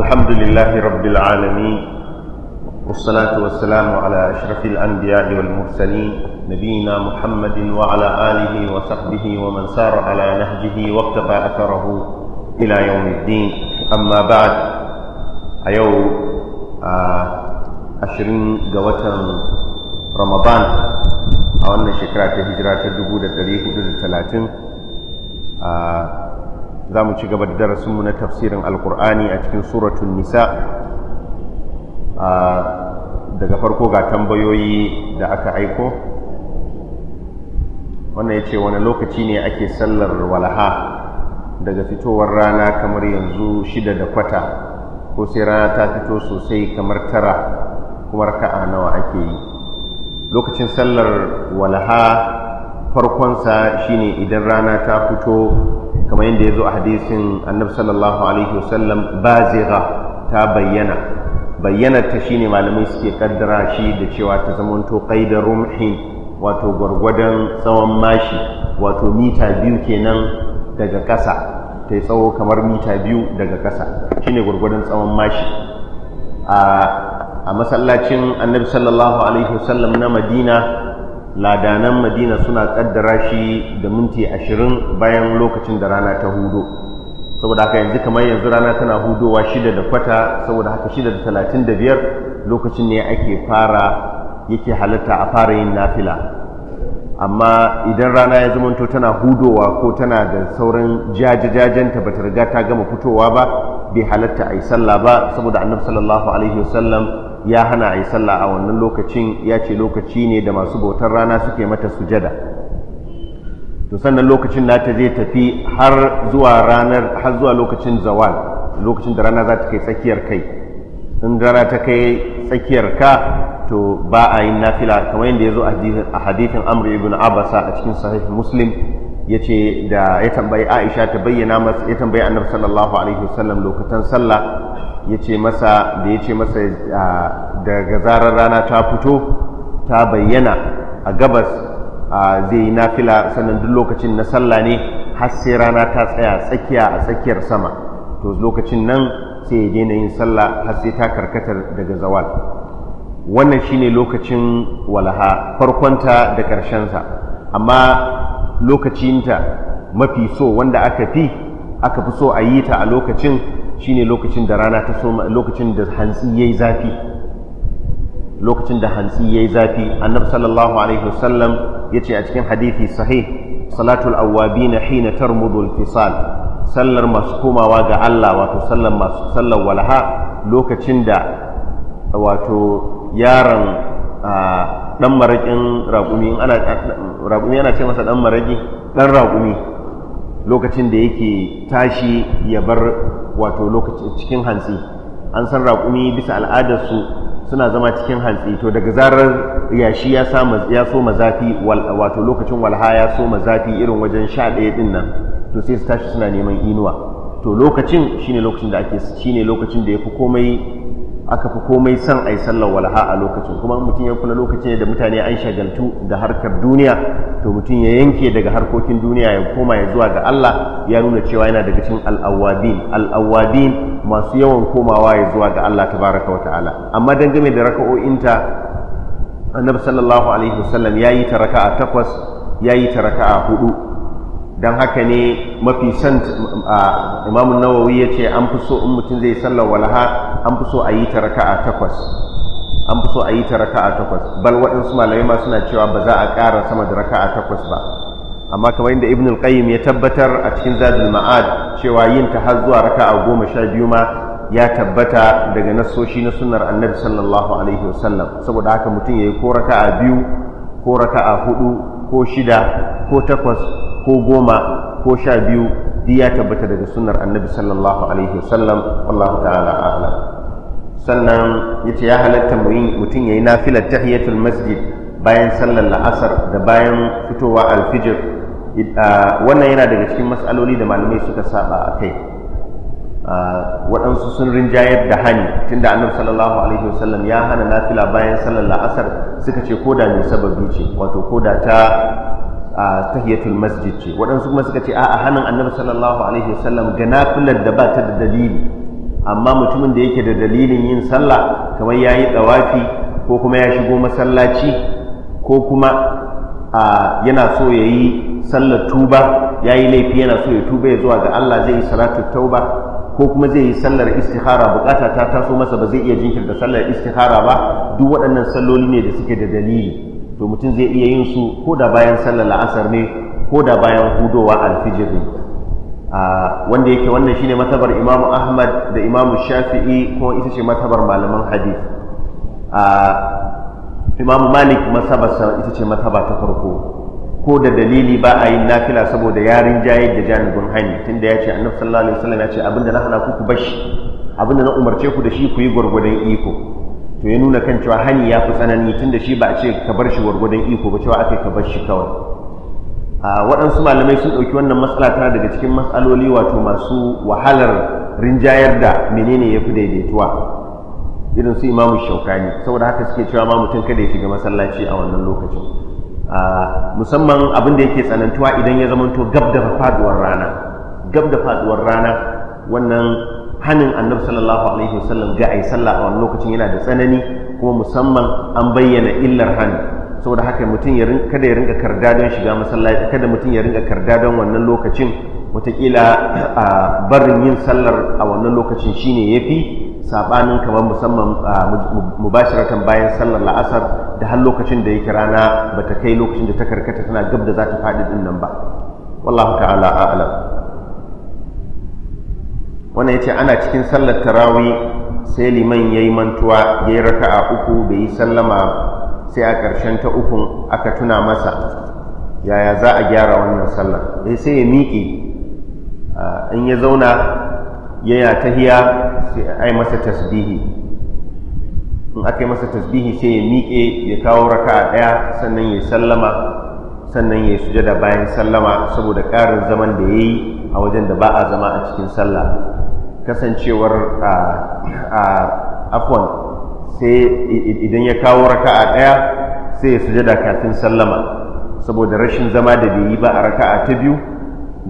الحمد لله رب العالمين والصلاة والسلام على أشرف الأنبياء والمرسلين نبينا محمد وعلى آله وصحبه ومن سار على نهجه واقتفى أثره إلى يوم الدين أما بعد أيو عشرين قوة رمضان أو أن شكرات هجرات الدبودة تريه 30 آه za mu ci gaba da darasinmu na tafsirin alkur'ani a cikin suratun nisa daga farko ga tambayoyi da aka aiko wannan ya ce wani lokaci ne ake sallar walaha daga fitowar rana kamar yanzu shida da kwata ko sai rana ta fito sosai kamar tara kuma raka'a nawa ake yi lokacin sallar walaha farkonsa shine idan rana ta fito kamar yadda ya zo a hadisin annabi sallallahu alaihi wasallam baziga ta bayyana bayyanar ta shine malamai suke kaddara shi da cewa ta zamanto qaida rumhin wato gwargwadon tsawon mashi wato mita biyu kenan daga ƙasa ta tsawo kamar mita biyu daga ƙasa shine gwargwadon tsawon mashi a masallacin annabi sallallahu alaihi wasallam na madina ladanan madina suna kaddara shi da minti ashirin bayan lokacin da rana ta hudu saboda haka yanzu kamar yanzu rana tana hudowa shida da kwata saboda haka shida da talatin da biyar lokacin ne ake fara yake halatta a fara yin nafila amma idan rana ya zamanto tana hudowa ko tana da sauran jajajajanta ba ta riga ta gama fitowa ba bai halatta a yi sallah ba saboda annabi sallallahu alaihi wasallam ya hana a yi sallah a wannan lokacin ya ce lokaci ne da masu bautar rana suke mata sujada to sannan lokacin na ta zai tafi har zuwa ranar har zuwa lokacin zawal lokacin da rana za ta kai tsakiyar kai in rana ta kai tsakiyar ka to ba a yin nafila kamar yadda ya zo a hadithin amr ibn abasa a cikin sahih muslim ya ce da ya tambayi aisha ta bayyana masa ya tambayi annabi sallallahu alaihi wasallam lokacin sallah ya ce masa da ya ce masa daga zarar rana ta fito ta bayyana a gabas zai yi nafila sannan duk lokacin na sallah ne har sai rana ta tsaya tsakiya a tsakiyar sama to lokacin nan sai ya daina yin sallah har sai ta karkatar daga zawal wannan shine lokacin walaha farkonta da ƙarshensa amma lokacinta mafi so wanda aka fi aka fi so a yi ta a lokacin shine lokacin da rana ta soma lokacin da hantsi yayi zafi lokacin da hantsi yayi zafi annabi sallallahu alaihi wasallam yace a cikin hadisi sahih salatul awwabin hina tarmudu al-fisal sallar masu komawa ga Allah wato sallar masu sallar walha lokacin da wato yaron dan maraƙin raƙumi ana ce masa dan maraƙi dan raƙumi lokacin da yake tashi ya bar wato lokacin cikin hantsi an san raƙumi bisa al'adarsu suna zama cikin hantsi to daga zarar yashi ya ya so mazafi wato lokacin walha ya so mazafi irin wajen sha ɗaya ɗin nan to sai su tashi suna neman inuwa to lokacin shine lokacin da ake shine lokacin da ya fi komai aka fi komai son a yi sallar walaha a lokacin kuma mutum ya kula lokacin da mutane an shagaltu da harkar duniya to mutum ya yanke daga harkokin duniya ya koma ya zuwa ga Allah ya nuna cewa yana daga cikin al'awabin al'awabin masu yawan komawa ya zuwa ga Allah tabaraka wa ta'ala amma dangane da raka'o'inta annabi sallallahu alaihi wasallam ya yi ta raka'a takwas ya yi ta raka'a hudu don haka ne mafi san imamun nawawi ya ce an fi so in mutum zai sallar walaha an fi so a yi ta raka'a takwas an fi so a yi ta raka'a takwas bal waɗansu malamai ma suna cewa ba za a ƙara sama da raka'a takwas ba amma kamar yadda ibn al ya tabbatar a cikin zadul ma'ad cewa yin ta har zuwa raka'a goma sha biyu ma ya tabbata daga nasoshi na sunnar annabi sallallahu alaihi wasallam saboda haka mutum ya yi ko raka'a biyu ko raka'a hudu ko shida ko takwas ko goma ko sha biyu duk ya tabbata daga sunnar annabi sallallahu alaihi wasallam wallahu ta'ala a'lam sannan yace ya halatta mutum yayi nafilar tahiyatul masjid bayan sallar la'asar da bayan fitowa alfijir ah, wannan yana daga cikin matsaloli da malamai suka saba a kai ah, waɗansu sun rinjayar da hani tunda annabi sallallahu alaihi wasallam ya hana nafila bayan sallar la'asar suka ce ko da mai sababi ce wato ko da ta a tahiyatul masjid ce waɗansu kuma suka ce a'a hannun annabi sallallahu alaihi wasallam ga da ba ta da dalili amma mutumin da yake da dalilin yin sallah kamar ya yi ɗawafi ko kuma ya shigo masallaci ko kuma yana so ya yi sallar tuba ya yi laifi yana so ya tuba ya zuwa ga Allah zai yi salatu tauba ko kuma zai yi sallar istihara bukata ta taso masa ba zai iya jinkirta sallar istihara ba duk waɗannan salloli ne da suke da dalili to mutum zai iya yin su ko da bayan sallar la'asar ne ko da bayan hudowa alfijiri wanda yake wannan shine matabar imamu ahmad da imamu shafi'i ko ita ce matabar malaman a imamu malik masabarsa ita ce mataba ta farko ko da dalili ba a yin nafila saboda yarin jayin da janibin hani tunda ya ce annabi sallallahu alaihi wasallam ya ce abinda na hana ku ku bashi abinda na umarce ku da shi ku yi gwargwadon iko to ya nuna kan cewa hani ya fi tsanani tun da shi ba a ce ka bar shi gwargwadon iko ba cewa aka ka bar shi kawai a waɗansu malamai sun ɗauki wannan matsala tana daga cikin matsaloli wato masu wahalar rinjayar da menene ya fi daidaituwa irin su imamu shaukani saboda haka suke cewa ma mutum kada ya shiga masallaci a wannan lokacin musamman abin da yake tsanantuwa idan ya zamanto gab da faduwar rana gab da faduwar rana wannan hannun annabi sallallahu alaihi wasallam ga a yi sallah a wani lokacin yana da tsanani kuma musamman an bayyana illar hani saboda haka mutum ya kada ya ringa karda don shiga masallaci kada mutum ya ringa karda don wannan lokacin wataƙila a barin yin sallar a wannan lokacin shine fi saɓanin kamar musamman mubashiratan bayan sallar la'asar da har lokacin da yake rana bata kai lokacin da ta karkata tana gab da za ta faɗi ɗin nan ba wallahu ta'ala ya ce ana cikin sallar tarawi sai liman ya yi mantuwa ya yi raka a uku bai yi sallama sai a ƙarshen ta ukun aka tuna masa yaya za a gyara wannan sallar dai eh, sai ya miƙe in ya zauna yaya tahiya sai a yi masa tasbihi in aka yi masa tasbihi sai ya miƙe ya kawo raka a ɗaya sannan ya sallama sannan ya yi sujada bayan sallama saboda ƙarin zaman da ya yi a wajen da ba a zama a cikin sallah kasancewar a afon sai idan ya kawo raka'a ɗaya sai ya sujada kafin sallama saboda rashin zama da bai yi ba a raka'a ta biyu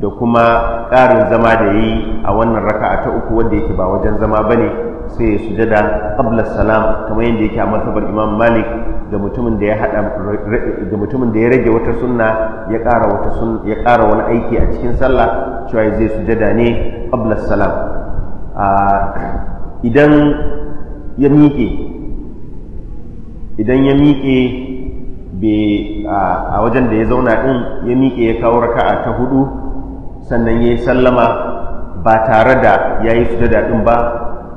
da kuma ƙarin zama da yi a wannan raka'a ta uku wanda yake ba wajen zama ba ne sai ya sujada qabla salam kamar yadda yake a matsabar imam malik ga mutumin da ya ya rage wata sunna ya ƙara wani aiki a cikin sallah cewa zai sujada ne qabla salam idan ya miƙe idan ya miƙe a wajen da ya zauna ɗin ya miƙe ya kawo raka'a ta hudu sannan ya yi sallama ba tare da ya yi su daɗin ba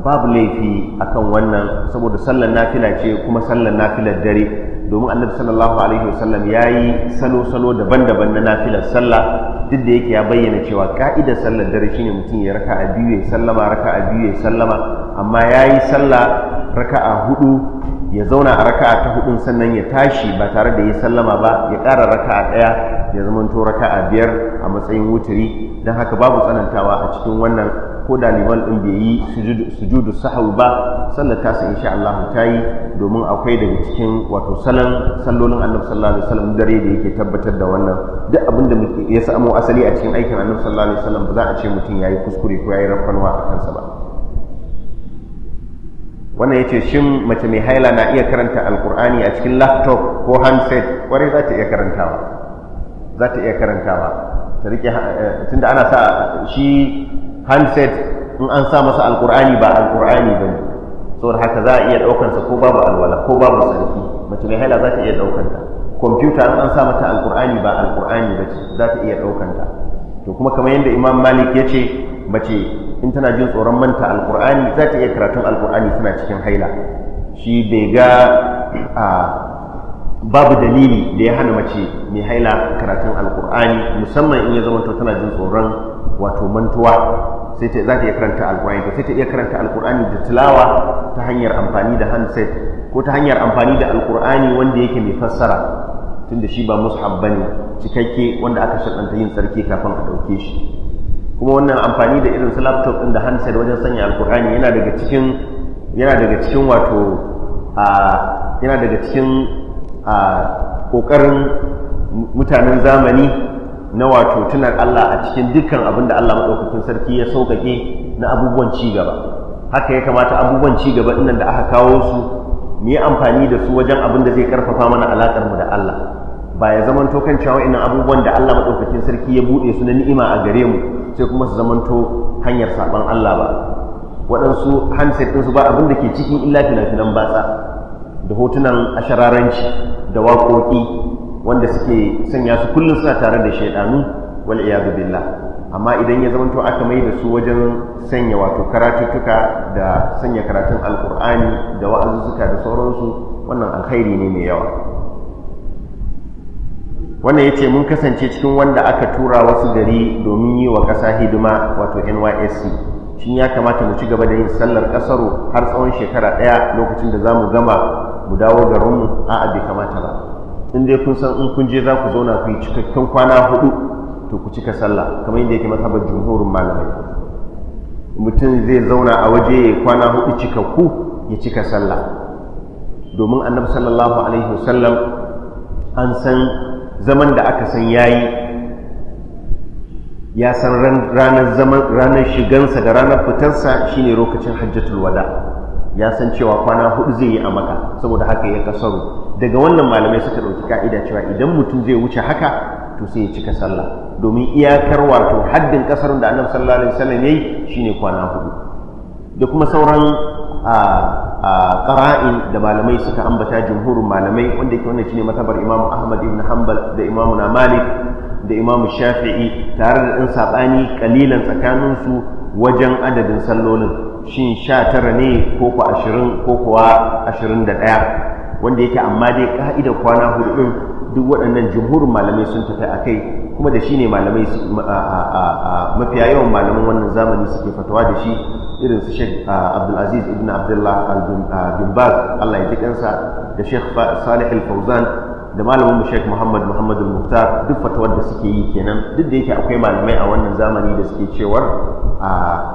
babu laifi akan wannan saboda sallar nafila ce kuma sallar nafilar dare domin annabi sallallahu alaihi wasallam ya yi salo-salo daban-daban na nafilar sallah duk da yake ya bayyana cewa ka'idar sallar dare shine mutum ya raka a biyu ya sallama raka a biyu ya sallama amma ya yi sallah raka a hudu ya zauna a raka ta hudu sannan ya tashi ba tare da ya sallama ba ya ƙara raka a ɗaya ya zamanto raka a biyar a matsayin wuturi don haka babu tsanantawa a cikin wannan ko da liman ɗin bai yi sujudu sahau ba sallar tasa insha Allah ta yi domin akwai daga cikin wato salon sallolin annabi sallallahu alaihi wasallam dare da yake tabbatar da wannan duk abin da ya samu asali a cikin aikin annabi sallallahu alaihi wasallam ba za a ce mutum ya yi kuskure ko yayi rafanwa a kansa ba wannan yace shin mace mai haila na iya karanta alkur'ani a cikin laptop ko handset kwarai za ta iya karantawa za ta iya karantawa eh, tunda ana sa shi handset in an sa masa alkur'ani ba alkur'ani ba ne saboda haka za a iya ɗaukansa ko babu alwala ko babu sarki mace mai haila za ta iya ɗaukanta kwamfuta in an sa mata alkur'ani ba alkur'ani ba ce za ta iya ɗaukanta to kuma kamar yadda imam malik ya ce mace in tana jin tsoron manta alkur'ani za ta iya karatun alkur'ani suna cikin haila shi bai ga babu dalili da ya hana mace mai haila karatun alkur'ani musamman in ya zama tana jin tsoron wato mantuwa sai ta iya karanta alkur'ani to sai ta iya karanta alkur'ani da tilawa ta hanyar amfani da handset ko ta hanyar amfani da alkur'ani wanda yake mai fassara tunda shi ba mushaf bane cikakke wanda aka shaɗanta yin tsarki kafin a ɗauke shi kuma wannan amfani da irin su laptop ɗin da handset wajen sanya alkur'ani yana daga cikin yana daga cikin wato a yana daga cikin a ƙoƙarin mutanen zamani na wato tunar Allah a cikin dukkan abin da Allah maɗaukakin sarki ya sauƙaƙe na abubuwan ci gaba haka ya kamata abubuwan ci gaba ɗinnan da aka kawo su mu yi amfani da su wajen abin da zai ƙarfafa mana alaƙar mu da Allah ba ya zaman to kan cewa ina abubuwan da Allah maɗaukakin sarki ya buɗe su na ni'ima a gare mu sai kuma su zaman to hanyar saɓan Allah ba waɗansu handset ɗinsu ba abin da ke cikin illa fina-finan batsa da hotunan ashararanci da waƙoƙi wanda suke sanya su kullum suna tare da shaidanu wal iyadu billah amma idan ya zamanto aka mai da su wajen sanya wato karatuttuka da sanya karatun alkur'ani da wa'azuzzuka da sauransu wannan alkhairi ne mai yawa wannan ya ce mun kasance cikin wanda aka tura wasu gari domin yi wa ƙasa hidima wato nysc shin ya kamata mu ci gaba da yin sallar ƙasaro har tsawon shekara ɗaya lokacin da za mu gama mu dawo garinmu a'a bai kamata ba in dai kun san in kun je za ku zauna ku cikakken kwana hudu to ku cika sallah kamar yadda yake masabar jumhurin malamai mutum zai zauna a waje ya kwana hudu cikakku ya cika sallah domin annabi sallallahu alaihi wasallam an san zaman da aka san yayi ya san ranar zaman ranar shigansa da ranar fitarsa shine lokacin hajjatul wada ya san cewa kwana hudu zai yi a maka saboda haka ya kasaru daga wannan malamai suka ɗauki ka'ida cewa idan mutum zai wuce haka to sai ya cika sallah domin iyakar wato haddin ƙasar da annabi sallallahu alaihi wasallam yayi shine kwana hudu da kuma sauran ƙara'in da malamai suka ambata jumhurin malamai wanda yake wannan shine matabar Imam Ahmad ibn Hanbal da Imam Malik da Imam Shafi'i tare da ɗan saɓani kalilan tsakanin su wajen adadin sallolin shin sha tara ne ko ko 20 ko kuwa ashirin da ɗaya wanda yake amma dai ka'ida kwana hudu din duk waɗannan jumhurin malamai sun tafi a kai kuma da shi ne malamai mafiya yawan malaman wannan zamani suke fatawa da shi irin su shek abdulaziz ibn abdullah bin baz allah ya ji kansa da shek salih al-fauzan da malamin mu muhammad muhammad al-muhtar duk fatawar da suke yi kenan duk da yake akwai malamai a wannan zamani da suke cewar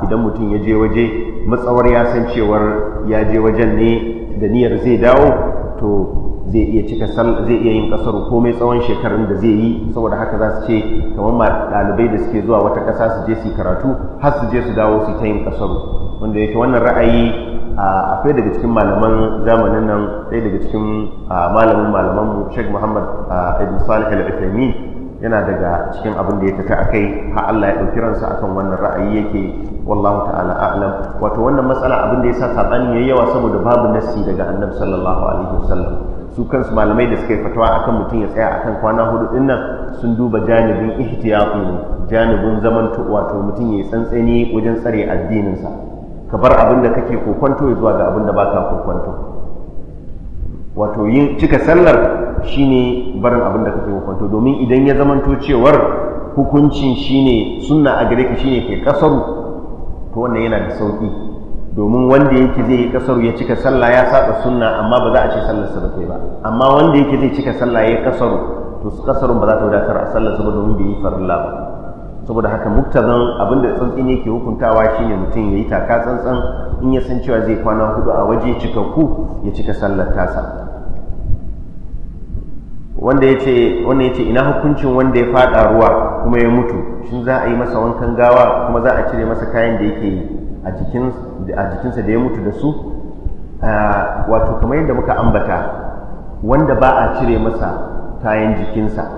idan mutum ya je waje matsawar ya san cewar ya je wajen ne da niyyar zai dawo to zai iya cika zai iya yin kasar komai tsawon shekarun da zai yi saboda haka za su ce kamar ɗalibai da suke zuwa wata ƙasa su je su karatu har su je su dawo su ta yin kasar wanda yake wannan ra'ayi akwai daga cikin malaman zamanin nan ɗaya daga cikin malamin malaman mu sheikh muhammad ibn salih al uthaymeen yana daga cikin abin da ya tafi a kai ha Allah ya ɗauki ransa a kan wannan ra'ayi yake wallahu ta'ala a'lam wato wannan matsala abin da ya sa saɓani ya yawa saboda babu nassi daga annabi sallallahu alaihi wasallam su kansu malamai da suka yi fatawa akan mutum ya tsaya akan kwana hudu din nan sun duba janibin ihtiyatu janibin zaman wato mutum ya tsantsani wajen tsare addinin sa ka bar abin da kake kokonto zuwa ga abin da baka kokonto wato yin cika sallar shine barin abin da kake hukunta domin idan ya zamanto cewar hukuncin shine sunna a gare ka shine kai kasaru to wannan yana da sauki domin wanda yake zai yi kasaru ya cika sallah ya saba sunna amma ba za a ce sallarsa ba kai ba amma wanda yake zai cika sallah ya kasaru to su kasarun ba za ta wadatar a sallarsa ba domin bai yi farilla ba saboda haka muktazan abin da ne yake hukuntawa shine mutum ya yi taka tsantsan in ya san cewa zai kwana hudu a waje cikakku ya cika sallar tasa wanda ya ce wanda ya ce ina hukuncin wanda ya fada ruwa kuma ya mutu shin za a yi masa wankan gawa kuma za a cire masa kayan da yake a jikinsa da ya mutu da su ah, wato kamar yadda muka ambata wanda ba a cire masa kayan jikinsa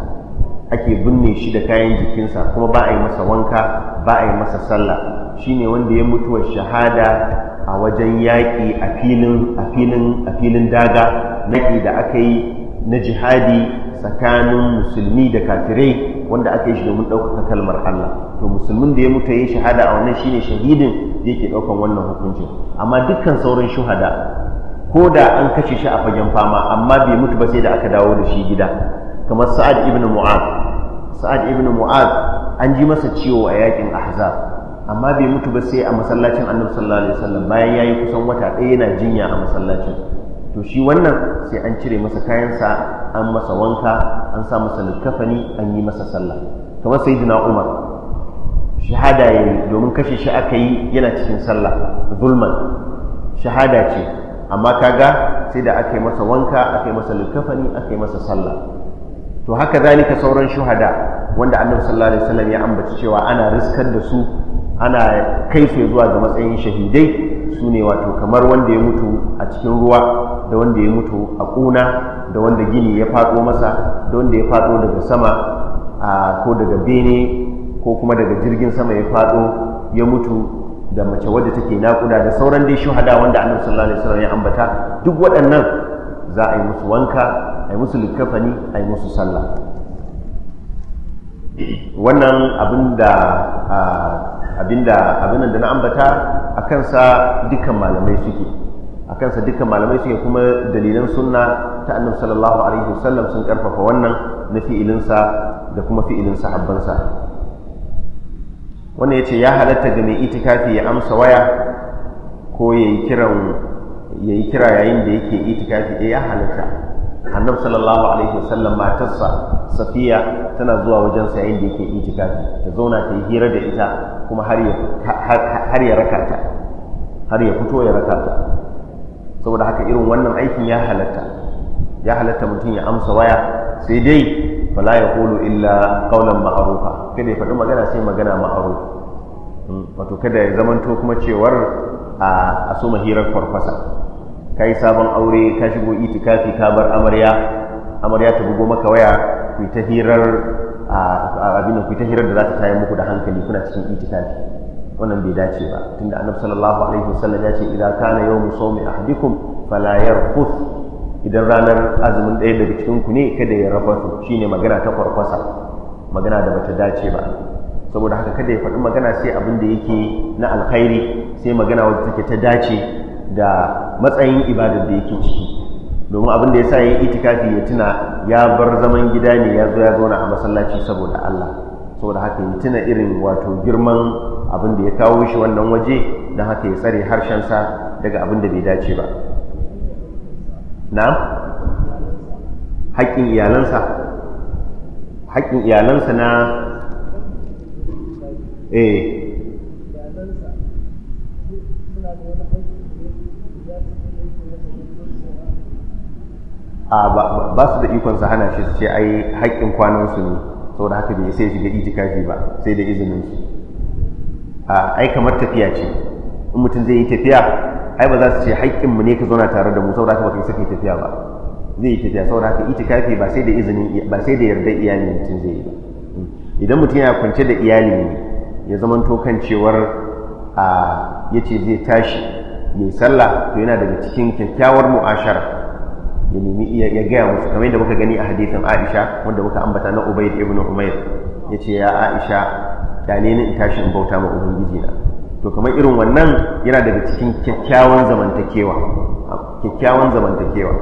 ake binne shi da kayan jikinsa kuma ba a yi masa wanka ba a yi masa sallah shine wanda ya mutu mutuwar shahada a wajen yaƙi a filin daga naƙi da aka yi na jihadi tsakanin musulmi da kafirai wanda aka yi shi domin ɗaukaka kalmar Allah to musulmin da ya mutu ya shahada a wannan shine shahidin da yake ɗaukan wannan hukuncin amma dukkan sauran shuhada ko da an kashe shi a fagen fama amma bai mutu ba sai da aka dawo da shi gida kamar sa'ad ibn mu'ad sa'ad ibn mu'ad an ji masa ciwo a yakin ahzab amma bai mutu ba sai a masallacin annabi sallallahu alaihi wasallam bayan yayi kusan wata ɗaya yana jinya a masallacin to shi wannan sai an cire masa kayansa an masa wanka an sa masa likafani an yi masa sallah kamar sai sayyidina umar shahada ya yi domin kashe shi aka yi yana cikin sallah zulman shahada ce amma kaga sai da aka yi masa wanka aka yi masa likafani aka yi masa sallah to haka zalika sauran shuhada wanda annabi sallallahu alaihi wasallam ya ambaci cewa ana riskar da su ana kai sai zuwa ga matsayin shahidai su ne wato kamar wanda ya mutu a cikin ruwa da wanda ya mutu a ƙuna da wanda gini ya faɗo masa da wanda ya faɗo daga sama ko daga bene ko kuma daga jirgin sama ya faɗo ya mutu da mace wadda take naƙuda da sauran dai shuhada wanda annabi sallallahu alaihi wasallam ya ambata duk waɗannan za a yi musu wanka a yi musu likkafani a yi musu sallah wannan abin da abinda abin da na ambata a kansa dukkan malamai suke a kansa dukkan malamai suke kuma dalilan sunna ta annabi sallallahu alaihi wasallam sun karfafa wannan na fi'ilinsa da kuma fi'ilin sahabbansa wannan yace ya halatta ga mai itikafi ya amsa waya ko yayi kiran yayi kira yayin da yake itikafi eh ya halatta annabi sallallahu alaihi wasallam matarsa safiya tana zuwa wajen sa da yake itikafi ta zauna ta yi hira da ita kuma har ya raka ta har ya fito ya raka ta saboda haka irin wannan aikin ya halatta ya halatta mutum ya amsa waya sai dai fala ya kulu illa qawlan ma'rufa kada ya faɗi magana sai magana ma'ruf hmm, wato kada ya zamanto kuma cewar a so hirar farfasa ka yi sabon aure ka shigo itikafi ka bar amarya amarya ta bugo maka waya ku ta hirar abin ku ta hirar da za ta tayar muku da hankali kuna cikin itikafi wannan bai dace ba tunda annabi sallallahu alaihi wasallam ya ce idan kana yawmu sawmi ahadikum fala yarfuth idan ranar azumin ɗaya daga cikin ku ne kada ya rafasu shine magana ta kwarkwasa magana da bata dace ba saboda haka kada ya faɗi magana sai abin da yake na alkhairi sai magana wadda take ta dace da matsayin ibadar da yake ciki domin abin da ya sa ya yi itikafi ya tuna ya bar zaman gida ne ya zo ya zauna a masallaci saboda Allah saboda haka ya tuna irin wato girman abin da ya kawo shi wannan waje don haka ya tsare harshensa daga abin da bai dace ba na haƙƙin iyalansa haƙƙin iyalansa na eh ba su da ikon su hana shi su ce ai haƙƙin kwanan su ne saboda haka bai sai shiga itikafi ba sai da izinin su ai kamar tafiya ce in mutum zai yi tafiya ai ba za su ce haƙƙin mu ne ka zauna tare da mu saboda haka ba kai saka tafiya ba zai yi tafiya saboda haka itikafi ba sai da izinin ba sai da yardar iyali mutum zai yi ba idan mutum yana kwance da iyali ne ya zamanto kan cewar a yace zai tashi mai sallah to yana daga cikin kyakkyawar mu'ashara ya nemi ya gaya musu kamar yadda muka gani a hadisin Aisha wanda muka ambata na Ubayd ibn Umayr yace ya Aisha da ne in tashi in bauta ma ubangiji na to kamar irin wannan yana daga cikin kyakkyawan zamantakewa kyakkyawan zamantakewa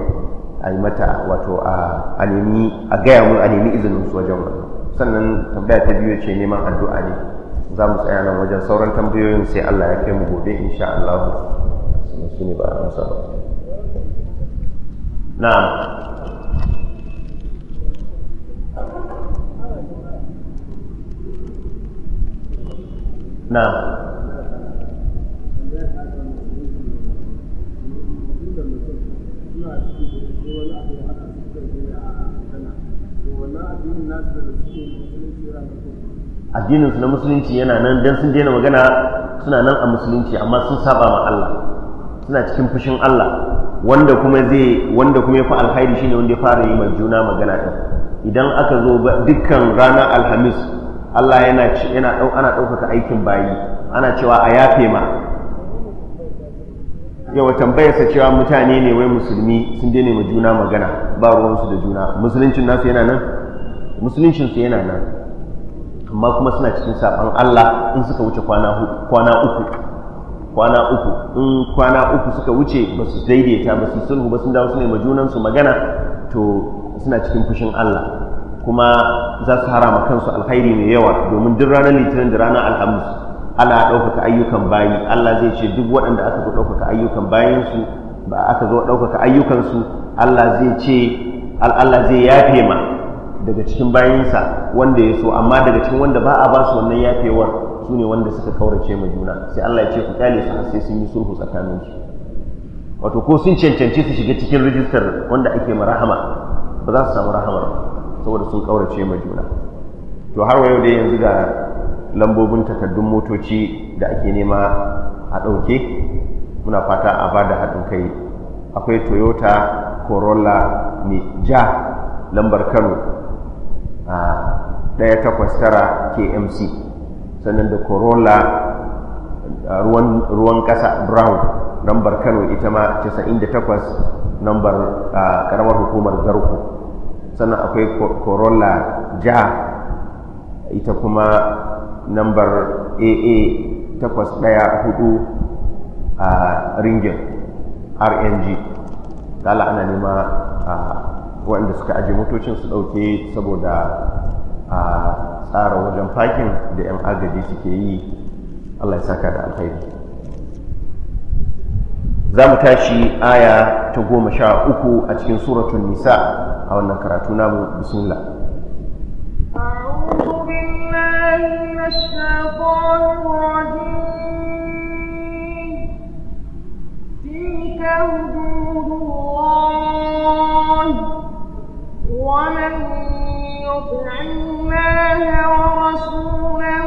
a yi mata wato a a nemi a gaya mu a nemi izinin su wajen wannan sannan tambaya ta biyu ce neman addu'a ne za mu tsaya nan wajen sauran tambayoyin sai Allah ya kai mu gobe insha Allah su ne ba a masa ba Na addinin su na musulunci yana nan don sun daina magana suna nan a musulunci amma sun saba ma Allah suna cikin fushin Allah wanda kuma zai wanda kuma ya fi alkhairi shine wanda ya fara yi mai juna magana ɗin idan aka zo dukkan ranar alhamis Allah yana yana ana ɗaukaka aikin bayi ana cewa a yafe ma yawa sa cewa mutane ne wai musulmi sun daina ma juna magana ba su da juna musuluncin nasu yana nan musuluncin su yana nan amma kuma suna cikin saɓan Allah in suka wuce kwana uku kwana uku in kwana uku suka wuce ba su daidaita ba su sulhu ba sun dawo su ne junansu magana to suna cikin fushin Allah kuma za su harama kansu alkhairi mai yawa domin duk ranar litinin da ranar alhamis ana ɗaukaka ayyukan bayi Allah zai ce duk waɗanda aka zo ɗaukaka ayyukan bayansu ba aka zo ɗaukaka ayyukansu Allah zai ce Allah zai yafe ma daga cikin bayansa wanda ya so amma daga cikin wanda ba a ba su wannan yafewar su ne wanda suka kaurace ma juna sai Allah ya ce ku kyale su sai sun yi sulhu tsakanin su wato ko sun cancanci su shiga cikin rijistar wanda ake ma rahama ba za su samu rahama saboda sun kaurace ma juna to har wayo dai yanzu ga lambobin takardun motoci da ake nema a ɗauke muna fata a ba da haɗin kai akwai toyota corolla mai ja lambar kano a ɗaya takwas tara kmc sannan da corolla ruwan kasa brown nambar kano ita ma 98 nambar karamar hukumar garko sannan akwai corolla ja ita kuma nambar aa 814 a ringin rng kala ana nema wanda suka ajiye motocin su dauke saboda a tsara wajen fakin da 'yan agaji suke yi allah ya saka da alkhairi za mu tashi aya ta goma sha uku a cikin suratun nisa a wannan karatu namu bismillah ومن يطع الله ورسوله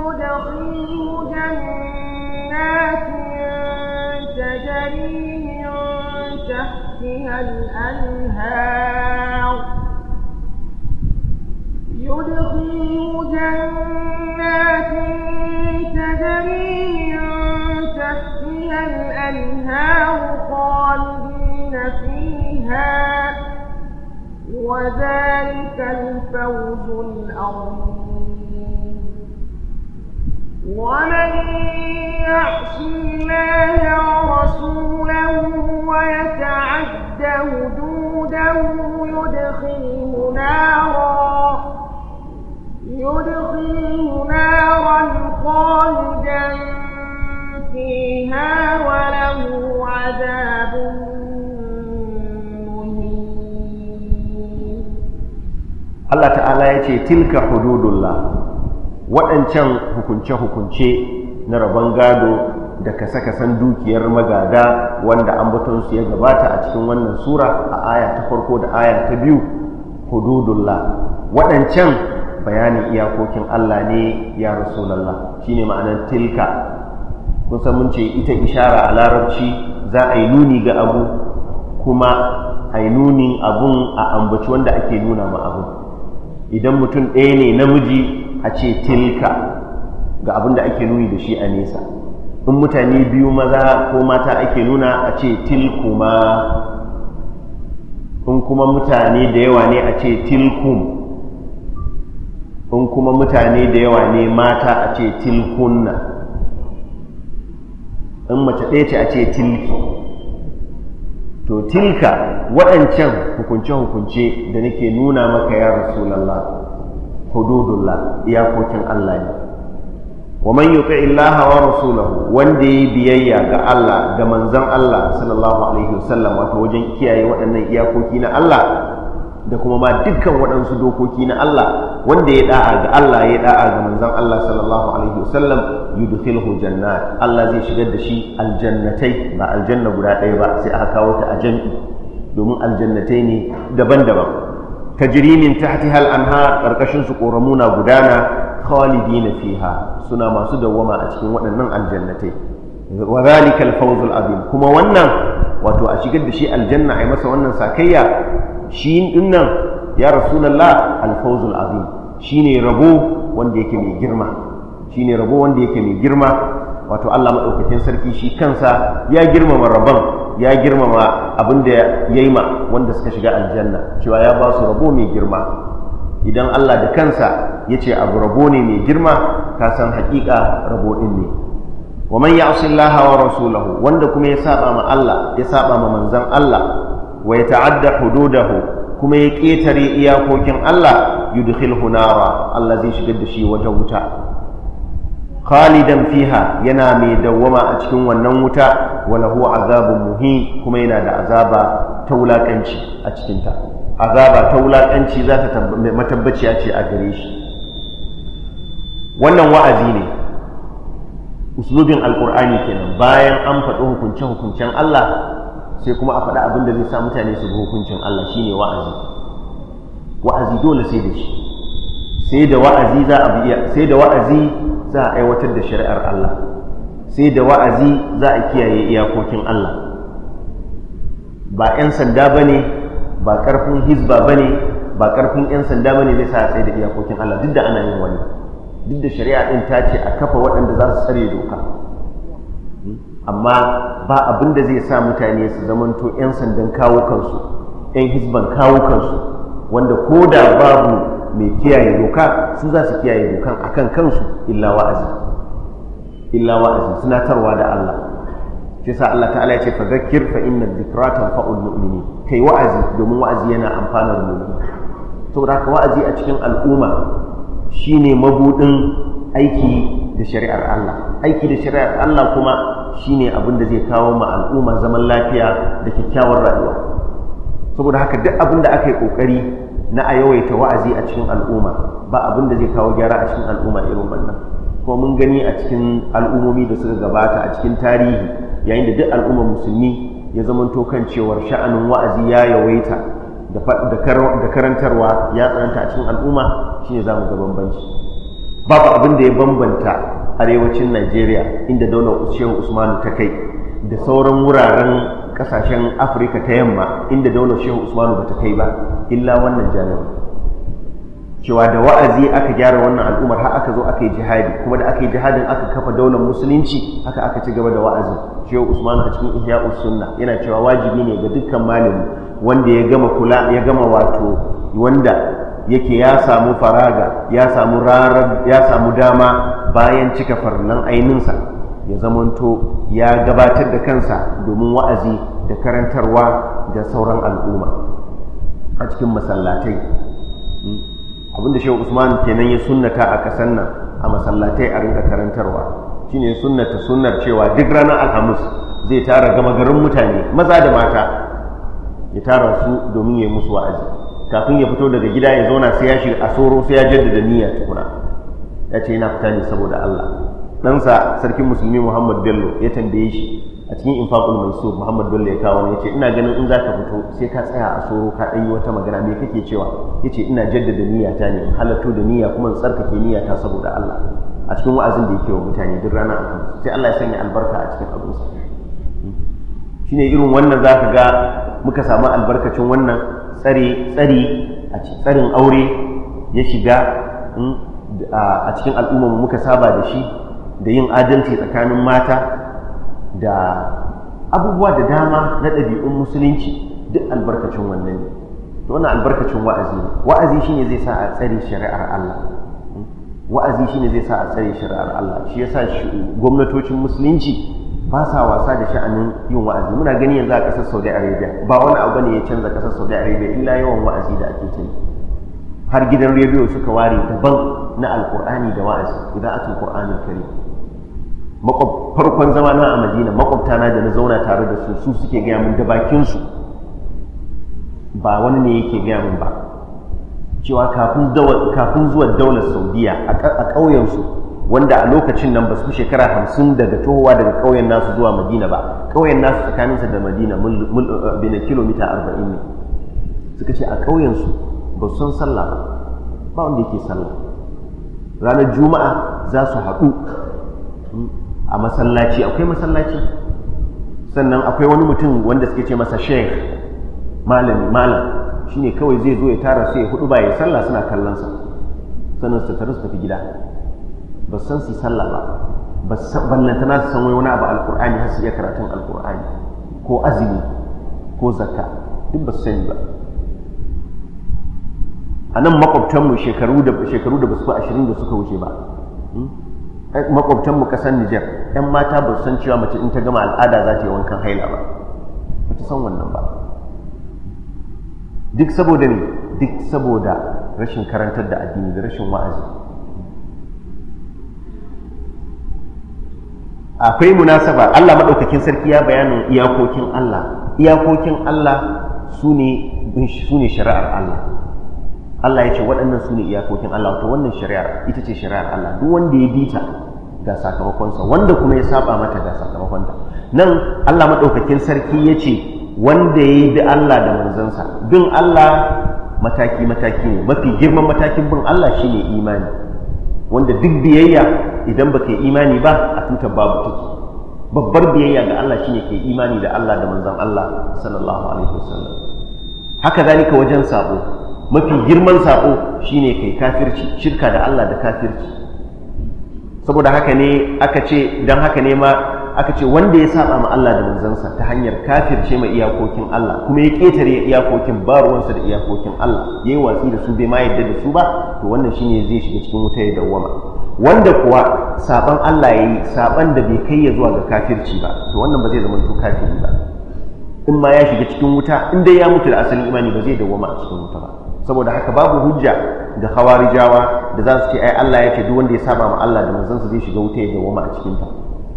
يدخله جنات تجري من تحتها الأنهار جنات تحتها الأنهار خالدين فيها وذلك الفوز العظيم ومن يعص الله ورسوله ويتعد حدوده يدخله نارا يدخله نارا خالدا فيها وله عذاب Allah ta'ala ya ce tilka hududullah waɗancan hukunce-hukunce na rabon gado da kasa-kasan dukiyar magada wanda ambatonsu ya gabata a cikin wannan sura a aya ta farko da aya ta biyu hududullah waɗancan bayanin iyakokin Allah ne ya rasu rasulallah shine ma'anar tilka kun san mun ce ita ishara a larabci za a yi nuni ga abu kuma a yi nunin abun a ambaci wanda ake nuna ma abu. idan mutum ɗaya ne namiji a ce tilka ga abin da ake nuni da shi a nesa in mutane biyu maza ko mata ake nuna a ce tilkuma in kuma mutane da yawa ne a ce tilkum in kuma mutane da yawa ne mata a ce tilkunna in mace ɗaya ce a ce tilki to tilka waɗancan hukunce-hukunce da nake nuna maka ya rasulallah hududullah iyakokin Allah ne wa man yuti illaha wa rasulahu wanda yi biyayya ga Allah ga manzon Allah sallallahu alaihi wasallam wato wajen kiyaye waɗannan iyakoki na Allah da kuma ma dukkan waɗansu dokoki na Allah wanda ya da'a ga Allah ya da'a ga manzon Allah sallallahu alaihi wasallam yudkhilhu jannat Allah zai shigar da shi aljannatai ba aljanna guda ɗaya ba sai aka kawo ta a jam'i domin aljannatai ne daban-daban tajri min tahtiha al-anhar karkashin su koramuna gudana khalidina fiha suna masu dawwama a cikin waɗannan aljannatai wa zalika al azim kuma wannan wato a shigar da shi aljanna ai masa wannan sakayya shi dinnan ya rasulullah al-fawz azim shine rabo wanda yake mai girma shine rabo wanda yake mai girma wato Allah maɗaukakin sarki shi kansa ya girmama rabon ya girmama abin da ya yi ma wanda suka shiga aljanna cewa ya ba su rabo mai girma idan Allah da kansa ya ce abu rabo ne mai girma ka san haƙiƙa rabo ɗin ne wa man ya'si Allah wa rasulahu wanda kuma ya saba ma Allah ya saba ma manzon Allah wa ya hududahu kuma ya ƙetare iyakokin Allah yudkhilhu nara Allah zai shigar da shi wajen wuta khalidan fiha yana mai dawwama a cikin wannan wuta wala huwa azabun muhi kuma yana da azaba ta wulakanci a cikin ta azaba ta wulakanci za ta matabbaciya ce a gare shi wannan wa'azi ne uslubin alkur'ani kenan bayan an faɗi hukunce hukuncen Allah sai kuma a faɗi abin da zai sa mutane su bi hukuncin Allah shine wa'azi wa'azi dole sai da shi sai da wa'azi za a sai da wa'azi za a aiwatar da shari'ar Allah sai da wa'azi za a kiyaye iyakokin Allah ba 'yan sanda ba ne ba ƙarfin hizba ba ne ba ƙarfin 'yan sanda ba ne zai sa a tsaye da iyakokin Allah duk da ana yin wani duk da shari'a ɗin ta ce a kafa waɗanda za su tsare doka amma ba abin da zai sa mutane su zamanto 'yan sandan kawo kansu 'yan hizban kawo kansu wanda ko da babu mai kiyaye doka sun za su kiyaye dokan akan kansu illa wa'azi illa wa'azi tarwa da Allah shi sa Allah ta'ala ya ce fa zakkir fa inna dhikra tanfa'ul mu'minin kai wa'azi domin wa'azi yana amfanar mu'mini saboda haka wa'azi a cikin al'umma shine mabudin aiki da shari'ar Allah aiki da shari'ar Allah kuma shine abin da zai kawo ma al'umma zaman lafiya da kyakkyawar rayuwa saboda haka duk abin da aka yi kokari na a yawaita wa'azi a cikin al'umma ba abin da zai kawo gyara a cikin al'umma irin wannan kuma mun gani a cikin al'ummomi da suka gabata a cikin tarihi yayin da duk al'ummar musulmi ya zamanto kan cewar sha'anin wa'azi ya yawaita da karantarwa ya tsananta a cikin al'umma shine za mu ga bambanci babu abin da ya bambanta arewacin najeriya inda daular shehu usmanu ta kai da sauran wuraren kasashen afirka ta yamma inda daular shehu usmanu ba ta kai ba illa wannan jami'a cewa da wa'azi aka gyara wannan al'ummar har aka zo aka yi jihadi kuma da aka yi jihadin aka kafa daular musulunci haka aka ci gaba da wa'azi shehu usmanu a cikin ihya sunna yana cewa wajibi ne ga dukkan malami wanda ya gama kula ya gama wato wanda yake ya samu faraga ya samu rarar ya samu dama bayan cika farnan ainihinsa ya zamanto ya gabatar da kansa domin wa'azi da karantarwa da sauran al'umma a cikin masallatai hmm? abinda shehu usman kenan ya sunnata a ƙasar nan a masallatai a rinka karantarwa shine sunnata sunnar cewa duk ranar alhamis zai tara gama garin mutane maza da mata ya tara su domin ya musu wa'azi kafin ya fito daga gida ya zauna sai ya shiga a soro sai ya jaddada niyya tukuna ya ce yana fita ne saboda Allah ɗansa sarkin musulmi Muhammad Bello ya tambaye shi a cikin infaqul mansur Muhammad dole ya kawo yace ina ganin in za ka fito sai ka tsaya a soro ka dan wata magana me kake cewa yace ina jaddada niyyata ne in halatto da niyya kuma in tsarkake niyyata saboda Allah a cikin wa'azin da yake wa mutane duk rana a alhamis sai Allah ya sanya albarka a cikin abin shine irin wannan zaka ga muka samu albarkacin wannan tsare tsari a cikin tsarin aure ya shiga hmm, a cikin al'ummar muka saba da shi da yin adalci tsakanin mata da abubuwa da dama na ɗabi'un musulunci duk albarkacin wannan ne to wannan albarkacin wa'azi ne wa'azi shine zai sa a tsare shari'ar Allah wa'azi shine zai sa a tsare shari'ar Allah shi yasa gwamnatocin musulunci ba sa wasa da sha'anin yin wa'azi muna gani yanzu a ƙasar Saudi Arabia ba wani abu ne ya canza ƙasar Saudi Arabia illa yawan wa'azi da ake har gidan rediyo suka ware daban na alkur'ani da wa'azi idan atul qur'anul karim farkon zama na a madina makwabta na da na zauna tare da su su suke gaya min da bakinsu ba wani ne yake gaya min ba cewa kafin zuwa daular saudiya a ƙauyensu wanda a lokacin nan ba su shekara hamsin daga tohowa daga ƙauyen nasu zuwa madina ba ƙauyen nasu tsakaninsa da madina bina kilomita arba'in ne suka ce a ƙauyensu ba su san sallah ba ba wanda yake sallah ranar juma'a za su haɗu hmm. a masallaci akwai masallaci sannan akwai wani mutum wanda suke ce masa sheikh malami malam shine kawai zai zo ya tara sai ya hudu ba ya sallah suna kallon sa sannan su tafi gida ba san su sallah ba ba ballanta na su san wani abu alkur'ani har su iya karatun alkur'ani ko azumi ko zakka duk ba su sani ba a nan makwabtanmu shekaru da basu ba ashirin da suka wuce ba hmm? makwabtan mu ƙasar Nijar ‘yan mata ba san cewa mace in ta gama al'ada za ta yi wankan haila ba ba ta san wannan ba duk saboda ne duk saboda rashin karantar da addini da rashin wa'azi akwai munasaba Allah maɗaukakin sarki ya bayanin iyakokin Allah iyakokin Allah su ne shari'ar Allah Allah ya ce waɗannan su ne iyakokin Allah Wata wannan shari'ar ita ce shari'ar Allah duk wanda ya bi ta ga sakamakonsa wanda kuma ya saba mata ga sakamakonta nan Allah maɗaukakin sarki ya ce wanda ya yi bi Allah da manzansa bin Allah mataki mataki ne mafi girman matakin bin Allah shi ne imani wanda duk biyayya idan ka yi imani ba a tutar babu take babbar biyayya ga Allah shi ne ke imani da Allah da manzan Allah sallallahu alaihi wasallam haka zalika wajen sabo mafi girman saƙo shine kai kafirci shirka da Allah da kafirci saboda haka ne aka ce don haka ne ma aka ce wanda ya saba ma Allah da manzansa ta hanyar kafirce ma iyakokin Allah kuma ya ƙetare iyakokin ba da iyakokin Allah ya yi watsi da su bai ma yadda da su ba to wannan shine zai shiga cikin wuta ya dawwama wanda kuwa saban Allah ya yi saban da bai kai ya zuwa ga kafirci ba to wannan ba zai zama to kafiri ba in ma ya shiga cikin wuta in dai ya mutu da asalin imani ba zai dawwama a cikin wuta ba saboda haka babu hujja ga rijawa da za su ce ai Allah ya ce duk wanda ya saba ma Allah da manzansa zai shiga wuta ya dawoma a cikin ta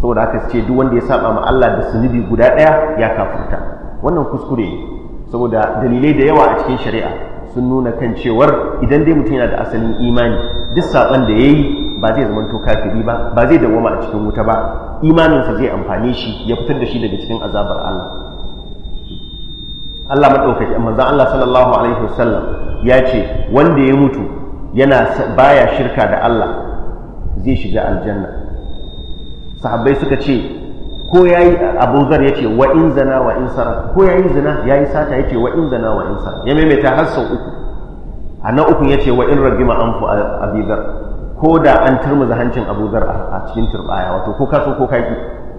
saboda haka su ce duk wanda ya saba ma Allah da sunubi guda daya ya kafurta wannan kuskure ne saboda dalilai da yawa a cikin shari'a sun nuna kan cewar idan dai mutum yana da asalin imani duk saban da yayi ba zai zama to kafiri ba ba zai dawoma a cikin wuta ba imaninsa zai amfane shi ya fitar da shi daga cikin azabar Allah Allah madaukaki za Allah sallallahu alaihi wasallam ya ce wanda ya mutu yana baya shirka da Allah zai shiga aljanna sahabbai suka ce ko yayi Abu Zar ce wa in zana wa in sara ko yayi zina yayi sata ya ce wa in zana wa in sara ya maimaita har sau uku a na uku ce wa in ragima an Abi Zar ko da an turmuza hancin Abu Zar a cikin turbaya wato ko kaso ko kaki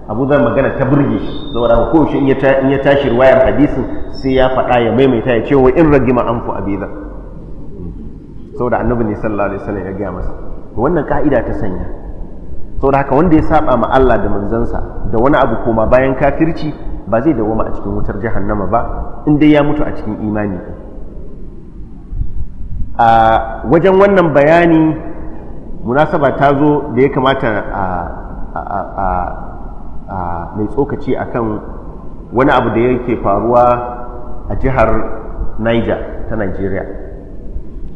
Abu Zar magana ta burge shi saboda ko shi in ya tashi ruwayar hadisin sai ya faɗa ya maimaita ya ce wa in ragima an Abi Zar saboda annabi ne sallallahu alaihi wasallam ya gaya masa wannan ka'ida ta sanya saboda haka wanda ya saba ma Allah da manzansa da wani abu koma bayan kafirci ba zai dawoma a cikin wutar jihar nama ba in dai ya mutu a cikin imani a wajen wannan bayani munasaba ta zo da ya kamata a mai tsokaci akan wani abu da yake faruwa a jihar niger ta nigeria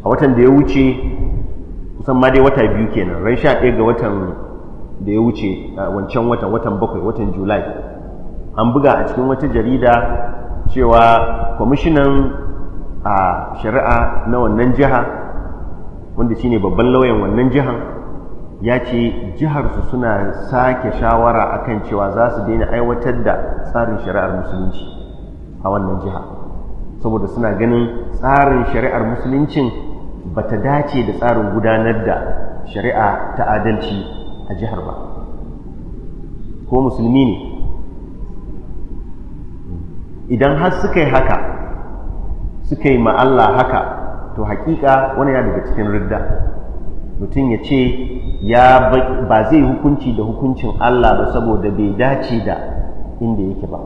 a watan da ya wuce kusan ma dai wata biyu kenan ran sha ɗaya ga watan da ya wuce a wancan watan watan bakwai watan julai an buga a cikin wata jarida cewa kwamishinan a shari'a na wannan jiha wanda shine babban lauyan wannan jihan ya ce jiharsu suna sake shawara akan cewa za su daina aiwatar da tsarin shari'ar musulunci a wannan jiha saboda suna ganin tsarin shari'ar musuluncin ba ta dace da tsarin gudanar da shari'a ta adalci a jihar ba ko musulmi ne idan har suka yi haka suka yi ma'alla haka to hakika wani ya daga cikin ridda mutum ya ce ya ba zai hukunci da hukuncin Allah ba saboda bai dace da inda yake ba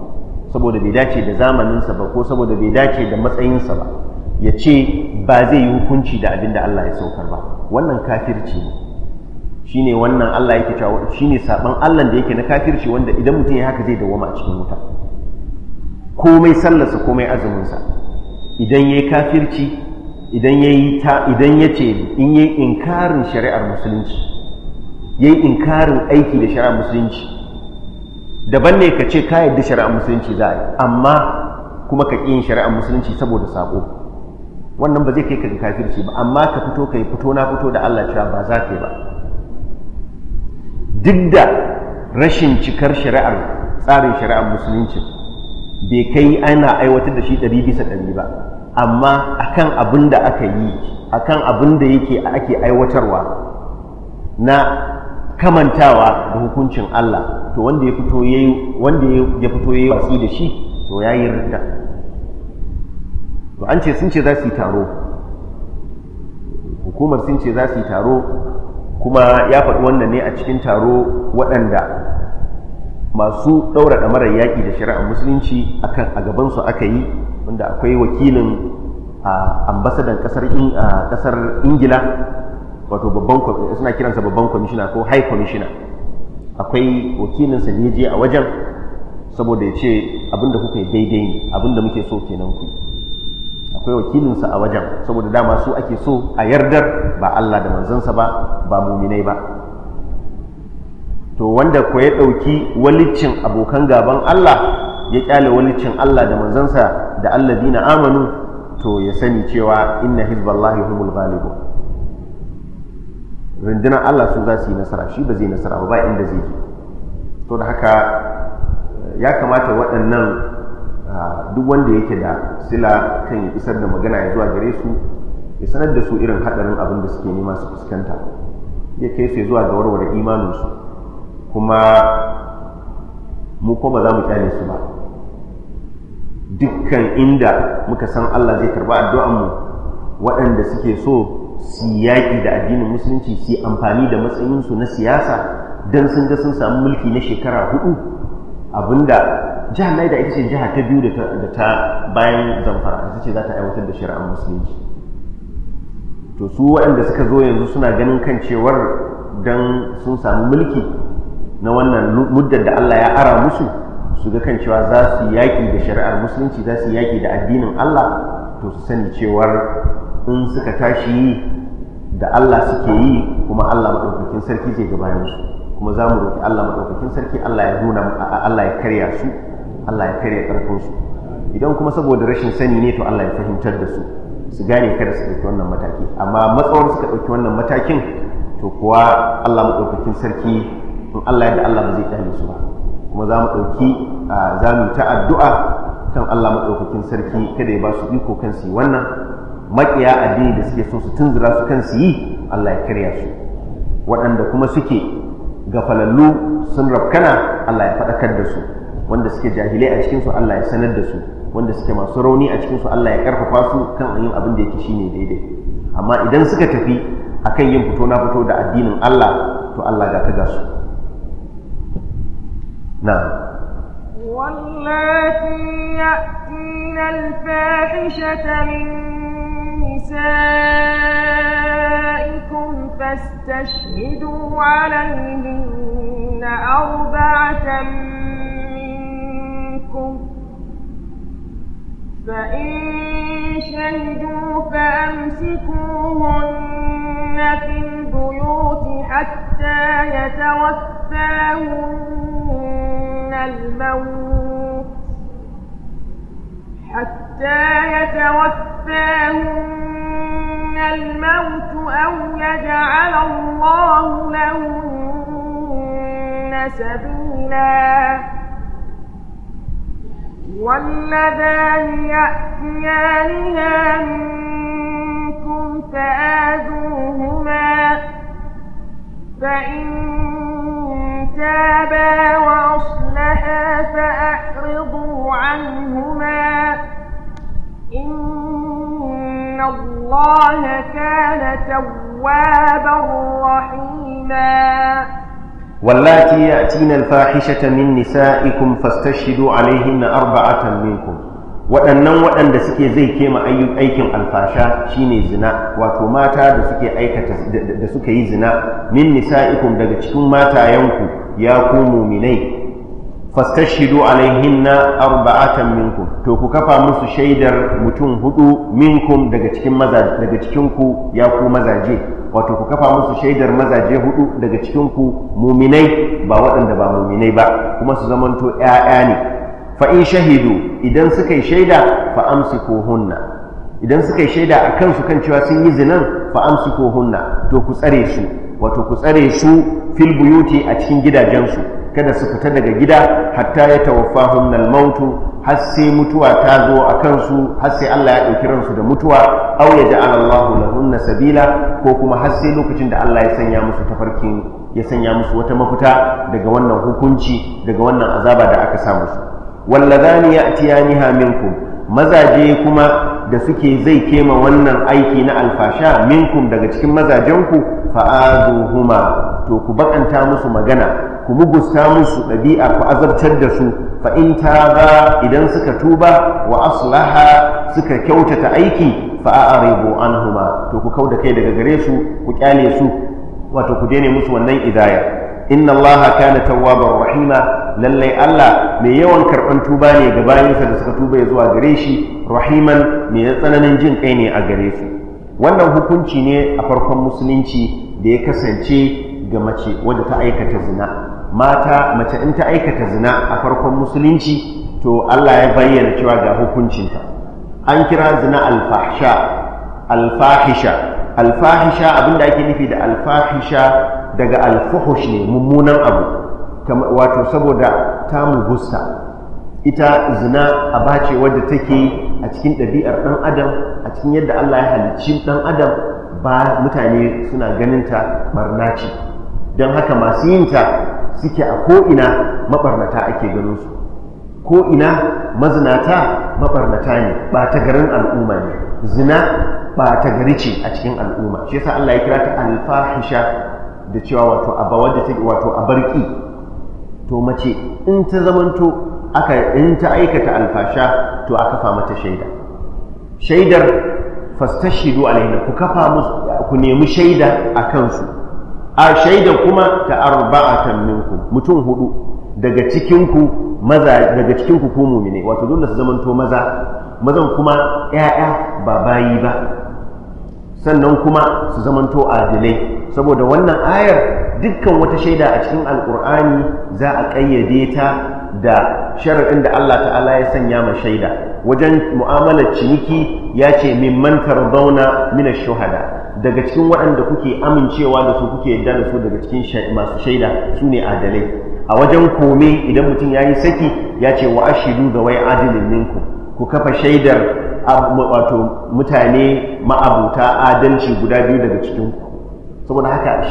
saboda bai dace da zamaninsa ba ko saboda bai dace da matsayinsa ba ya ce ba zai yi hukunci da abin da Allah ya saukar ba wannan kafirci ne shi ne wannan Allah yake cewa shi ne saɓan Allah da yake na kafirci wanda idan mutum ya haka zai dawama a cikin wuta komai sallarsa komai azuminsa idan ya yi kafirci idan ya yi ta idan ya ce in yi inkarin shari'ar musulunci ya yi inkarin aiki da shari'ar musulunci daban ne ka ce ka yadda shari'ar musulunci za a yi amma kuma ka ƙi yin shari'ar musulunci saboda saƙo wannan ba zai kai ka ga kafirci ba amma ka fito ka yi fito na fito da Allah cewa ba za ka yi ba duk da rashin cikar shari'ar tsarin shari'ar musulunci bai kai ana aiwatar da shi ɗari bisa ɗari ba amma akan abin da aka yi akan abin da yake ake aiwatarwa na kamantawa da hukuncin Allah to wanda ya fito ya yi wasu watsi da shi to yayi rinta. to an ce sun ce za su yi taro hukumar sun ce za su yi taro kuma ya faɗi wannan ne a cikin taro waɗanda masu ɗaura ɗamarar yaƙi da shari'ar musulunci a gabansu aka yi wanda akwai wakilin ambasadan ƙasar ingila wato babban suna kiransa babban kwamishina ko high kwamishina akwai wakilinsa ne je a wajen saboda ya ce abinda kuka yi daidai ne abinda muke so kenan ku akwai wakilinsa a wajen saboda dama su ake so a yardar ba Allah da manzansa ba ba muminai ba to wanda ko ya ɗauki walicin abokan gaban Allah ya kyale walicin Allah da manzansa da Allah dina amanu to ya sani cewa inna hizballahi humul ghalibu rundunar Allah su za su yi nasara shi ba zai nasara ba ba inda zai to da haka ya kamata waɗannan duk wanda yake da sila kan yi isar da magana ya zuwa gare su ya sanar da su irin haɗarin abin da suke nema su fuskanta ya kai su zuwa ga warware imaninsu kuma mu ko ba za mu kyale su ba dukkan inda muka san Allah zai karba addu'anmu waɗanda suke so su yaƙi da addinin musulunci su amfani da matsayinsu na siyasa don sun ga sun samu mulki na shekara hudu abinda jihar naija ita ce jiha ta biyu da ta bayan zamfara ita ce za ta aiwatar da shari'ar musulunci to su waɗanda suka zo yanzu suna ganin kan cewar don sun samu mulki na wannan muddar da allah ya ara musu su ga kan cewa za su yaƙi da shari'ar musulunci za su yaƙi da addinin allah to su sani cewar in suka tashi yi da allah suke yi kuma allah maɗaukakin sarki zai ga bayansu kuma za mu roƙi Allah maɗaukakin sarki Allah ya nuna Allah ya karya su Allah ya karya ƙarfinsu idan kuma saboda rashin sani ne to Allah ya fahimtar da su su gane kada su ɗauki wannan mataki amma matsawar suka ɗauki wannan matakin to kuwa Allah maɗaukakin sarki in Allah yadda Allah ba zai ɗaya su ba kuma za mu ɗauki za mu ta addu'a kan Allah maɗaukakin sarki kada ya ba su iko kan su yi wannan maƙiya addini da suke so su tunzura su kan su yi Allah ya karya su waɗanda kuma suke gafalallu sun rafkana Allah ya faɗakar da su wanda suke jahilai a cikinsu Allah ya sanar da su wanda suke masu rauni a cikinsu Allah ya karfafa su kan yin abin da yake shine daidai amma idan suka tafi akan yin fito na fito da addinin Allah to Allah ga ta ga su na'am واللاتي يأتين الفاحشة من نسائكم فاستشهدوا عليهن أربعة من منكم فإن شهدوا فأمسكوهن في البيوت حتى يتوفاهن الموت حتى يتوفاهن الموت أو يجعل الله لهن سبيلا واللذان يأتيانها منكم فآذوهما فإن تابا وأصلحا فأعرضوا عنهما إن الله كان توابا رحيما wallati ya al-fahishata min nisa'ikum fastashhidu na arba'atan minkum waɗannan waɗanda suke zai kema aikin alfasha shine zina wato mata da suke aikata da suka yi zina min nisa'ikum daga cikin matayenku ya ku muminai fastashidu na arba'atan minkum to ku kafa musu shaidar mutum hudu minkum daga cikin daga cikinku ya ku mazaje wato ku kafa musu shaidar mazaje hudu daga cikin ku muminai ba waɗanda ba muminai ba kuma su zamanto yaya ne fa in shahidu idan suka yi shaida fa amsikuhunna idan suka yi shaida a kansu kan cewa sun yi zinan fa amsikuhunna to ku tsare su wato ku tsare su fil buyuti a cikin gidajensu kada su fita daga gida hatta ya tawaffa hunnal mautu har sai mutuwa ta zo a kansu har sai Allah ya ɗauki ransu da mutuwa aw ya ja'ala Allahu hunna sabila ko kuma har sai lokacin da Allah ya sanya musu tafarkin ya sanya musu wata mafita daga wannan hukunci daga wannan azaba da aka sa musu wallazani ya'tiyaniha minkum mazaje kuma da suke zai kema wannan aiki na alfasha minkum daga cikin mazajenku fa'azuhuma to ku bakanta musu magana ku mugusta musu ɗabi'a ku azabtar da su fa in ba idan suka tuba wa aslaha suka kyautata aiki fa a'ribu anhuma to ku kauda kai daga gare su ku kyale su wato ku dene musu wannan idaya inna Allah kana tawwabar rahima lallai Allah mai yawan karɓan tuba ne ga bayansa da suka tuba ya zuwa gare shi rahiman mai tsananin jin kai ne a gare su wannan hukunci ne a farkon musulunci da ya kasance ga mace wadda ta aikata zina mata mace in ta aikata zina a farkon musulunci to Allah ya bayyana cewa ga hukuncinta an kira zina alfahisha alfahisha abin abinda ake nufi da alfahisha daga alfahush ne mummunan abu wato saboda tamu gusta ita zina a bace wadda take a cikin ɗabi'ar ɗan adam a cikin yadda Allah ya halicci ɗan adam ba mutane suna ganinta barna ce don haka masu yinta suke a ko'ina maɓarnata ake ganin su ko'ina mazinata maɓarnata ne ba ta garin al'umma ne zina ba ta gari ce a cikin al'umma shi yasa Allah ya kira ta al-fahisha da cewa wato abawar da take wato abarki to mace in ta zamanto aka in ta aikata alfasha to aka fa mata shaida shaidar fastashidu alaina ku kafa musu ku nemi shaida a kansu a shaida kuma ta arba'atan minkum mutum hudu daga ku maza daga ku ko mumine wato dole su zamanto maza mazan kuma ƴaƴa ba bayi ba sannan kuma su zamanto adilai saboda wannan ayar dukkan wata shaida a cikin alkur'ani za a ƙayyade ta da sharaɗin da Allah ta'ala ya sanya ma shaida wajen mu'amalar ciniki ya ce mimman zauna mina shuhada daga cikin waɗanda kuke amincewa da su kuke yadda da su daga cikin masu shaida su ne adalai a wajen kome idan mutum ya yi saki ya ce wa ashidu da wai adilin ninku ku kafa shaidar wato mutane ma'abuta adalci guda biyu daga cikin ku saboda haka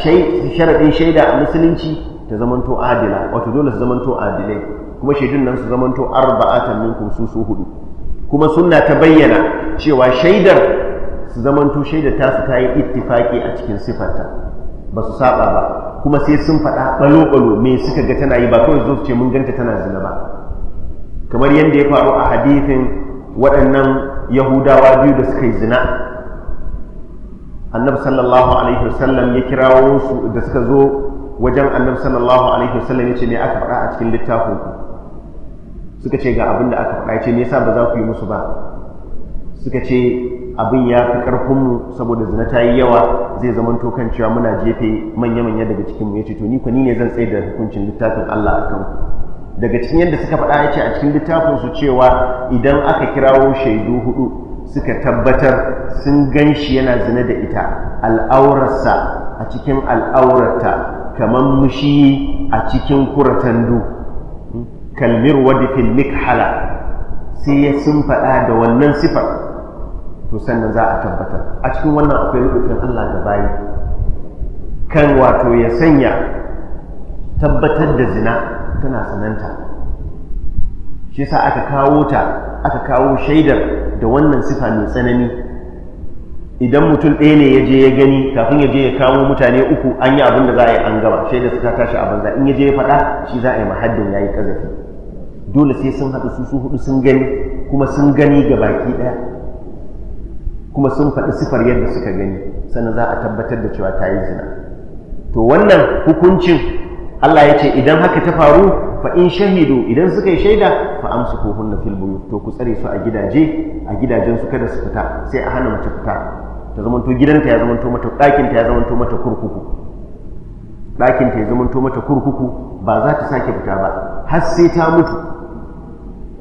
sharaɗin shaida a musulunci ta zamanto adila wato dole su zamanto adilai kuma shaidun nan su zamanto arba'atan minkum su su hudu kuma sunna ta bayyana cewa shaidar su zamanto shaida ta su ta yi ittifaki a cikin sifarta ba su saba ba kuma sai sun faɗa balo-balo me suka ga tana yi ba kawai zo su ce mun ganta tana zina ba kamar yadda ya faru a hadithin waɗannan yahudawa biyu da suka yi zina annabi sallallahu alaihi wasallam ya kirawo su da suka zo wajen annabi sallallahu alaihi wasallam ya ce me aka faɗa a cikin littafin ku suka ce ga abin da aka faɗa ya ce me yasa ba za ku yi musu ba suka ce abin ya fi ƙarfinmu saboda zina ta yi yawa zai zama kan cewa muna jefe manya-manya daga cikinmu ya ce to ni ko ni ne zan tsaye da hukuncin littafin Allah a kanku daga cikin yadda suka faɗa ya ce a cikin littafinsu cewa idan aka kirawo shaidu hudu suka tabbatar sun gan shi yana zina da ita al'aurarsa a cikin al'aurarta kamar mushi a cikin kuratandu kalmir wadda fil mikhala sai ya sun faɗa da wannan sifar to sannan za a tabbatar a cikin wannan akwai rubutun Allah da bayi kan wato ya sanya tabbatar da zina tana sananta shi yasa aka kawo ta aka kawo shaidar da wannan sifa mai tsanani idan mutum ɗaya ne ya je ya gani kafin ya je ya kawo mutane uku an yi abin da za a yi an gaba shaidar su ta tashi a banza in ya je ya faɗa shi za a yi mahaddin ya yi ƙazafi dole sai sun haɗu su su hudu sun gani kuma sun gani ga baki ɗaya kuma sun faɗi sifar yadda suka gani sannan za a tabbatar da cewa ta yi zina to wannan hukuncin Allah ya ce idan haka ta faru fa in shahidu idan suka yi shaida fa amsuku hunna fil buyut to ku tsare su a gidaje a gidajen su kada su fita sai a hana mace fita ta zamanto gidanta ya zamanto mata ɗakin ta ya zamanto mata kurkuku ɗakin ta ya zamanto mata kurkuku ba za ta sake fita ba har sai ta mutu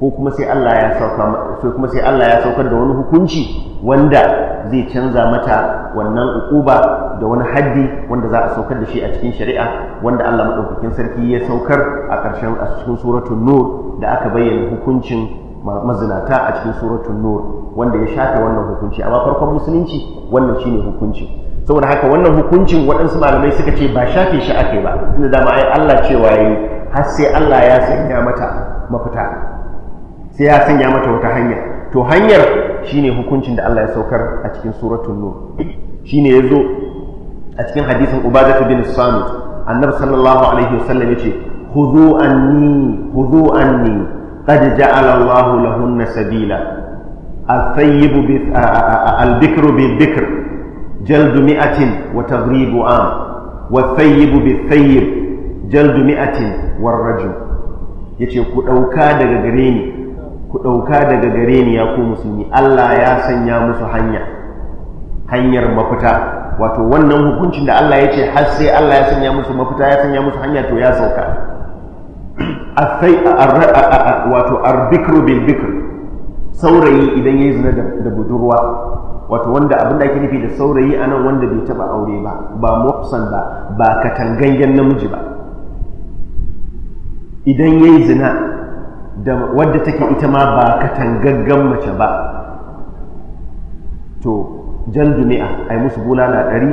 ko kuma sai Allah ya sauka sai kuma sai Allah ya saukar da wani hukunci wanda zai canza mata wannan ukuba da wani haddi wanda za a saukar da shi a cikin shari'a wanda Allah madaukakin sarki ya saukar a ƙarshen a cikin suratul nur da aka bayyana hukuncin mazinata a cikin suratul nur wanda ya shafe wannan hukunci amma farkon musulunci wannan shine hukunci saboda haka wannan hukuncin waɗansu malamai suka ce ba shafe shi ake ba tunda dama ai Allah cewa yayi har sai Allah ya sanya mata mafita sai ya sanya mata wata hanya to hanyar shine hukuncin da Allah ya saukar a cikin suratul nur shine yazo a cikin hadisin ubadah bin samit annabi sallallahu alaihi wasallam yace khudhu anni khudhu anni qad ja'ala Allah lahunna sabila al-thayyibu bi al-bikru bil bikr jaldu mi'atin wa tadribu am wa thayyibu bi thayyib jaldu mi'atin war rajul yace ku dauka daga gare ni ku ɗauka daga gare ni ya ku musulmi Allah ya sanya musu hanya hanyar mafita wato wannan hukuncin da Allah ya ce har sai Allah ya sanya musu mafita ya sanya musu hanya to ya sauka wato arbikru bil bikr saurayi idan ya yi zina da budurwa wato wanda abin da ake nufi da saurayi a nan wanda bai taba aure ba ba mafsan ba ba katangangen namiji ba idan ya yi zina da wadda take ita ma ba katangaggan mace ba to jan duniya, ai musu bulala ɗari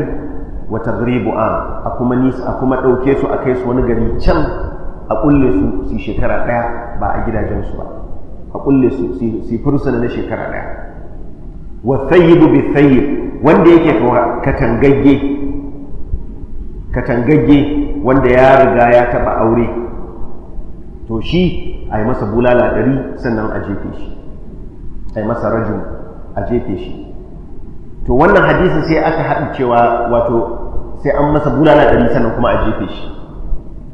wata gribu a a kuma nisa a kuma ɗauke su a kai su wani gari can a ƙulle su su shekara ɗaya ba a gidajen su ba a ƙulle su su fursuna na shekara ɗaya wa thayyibu bi thayyib wanda yake katangagge katangagge wanda ya riga ya taɓa aure to shi a yi masa bulala ɗari sannan a jefe shi a yi masa rajin a jefe shi to wannan hadisin sai aka haɗu cewa wato sai an masa bulala ɗari sannan kuma a jefe shi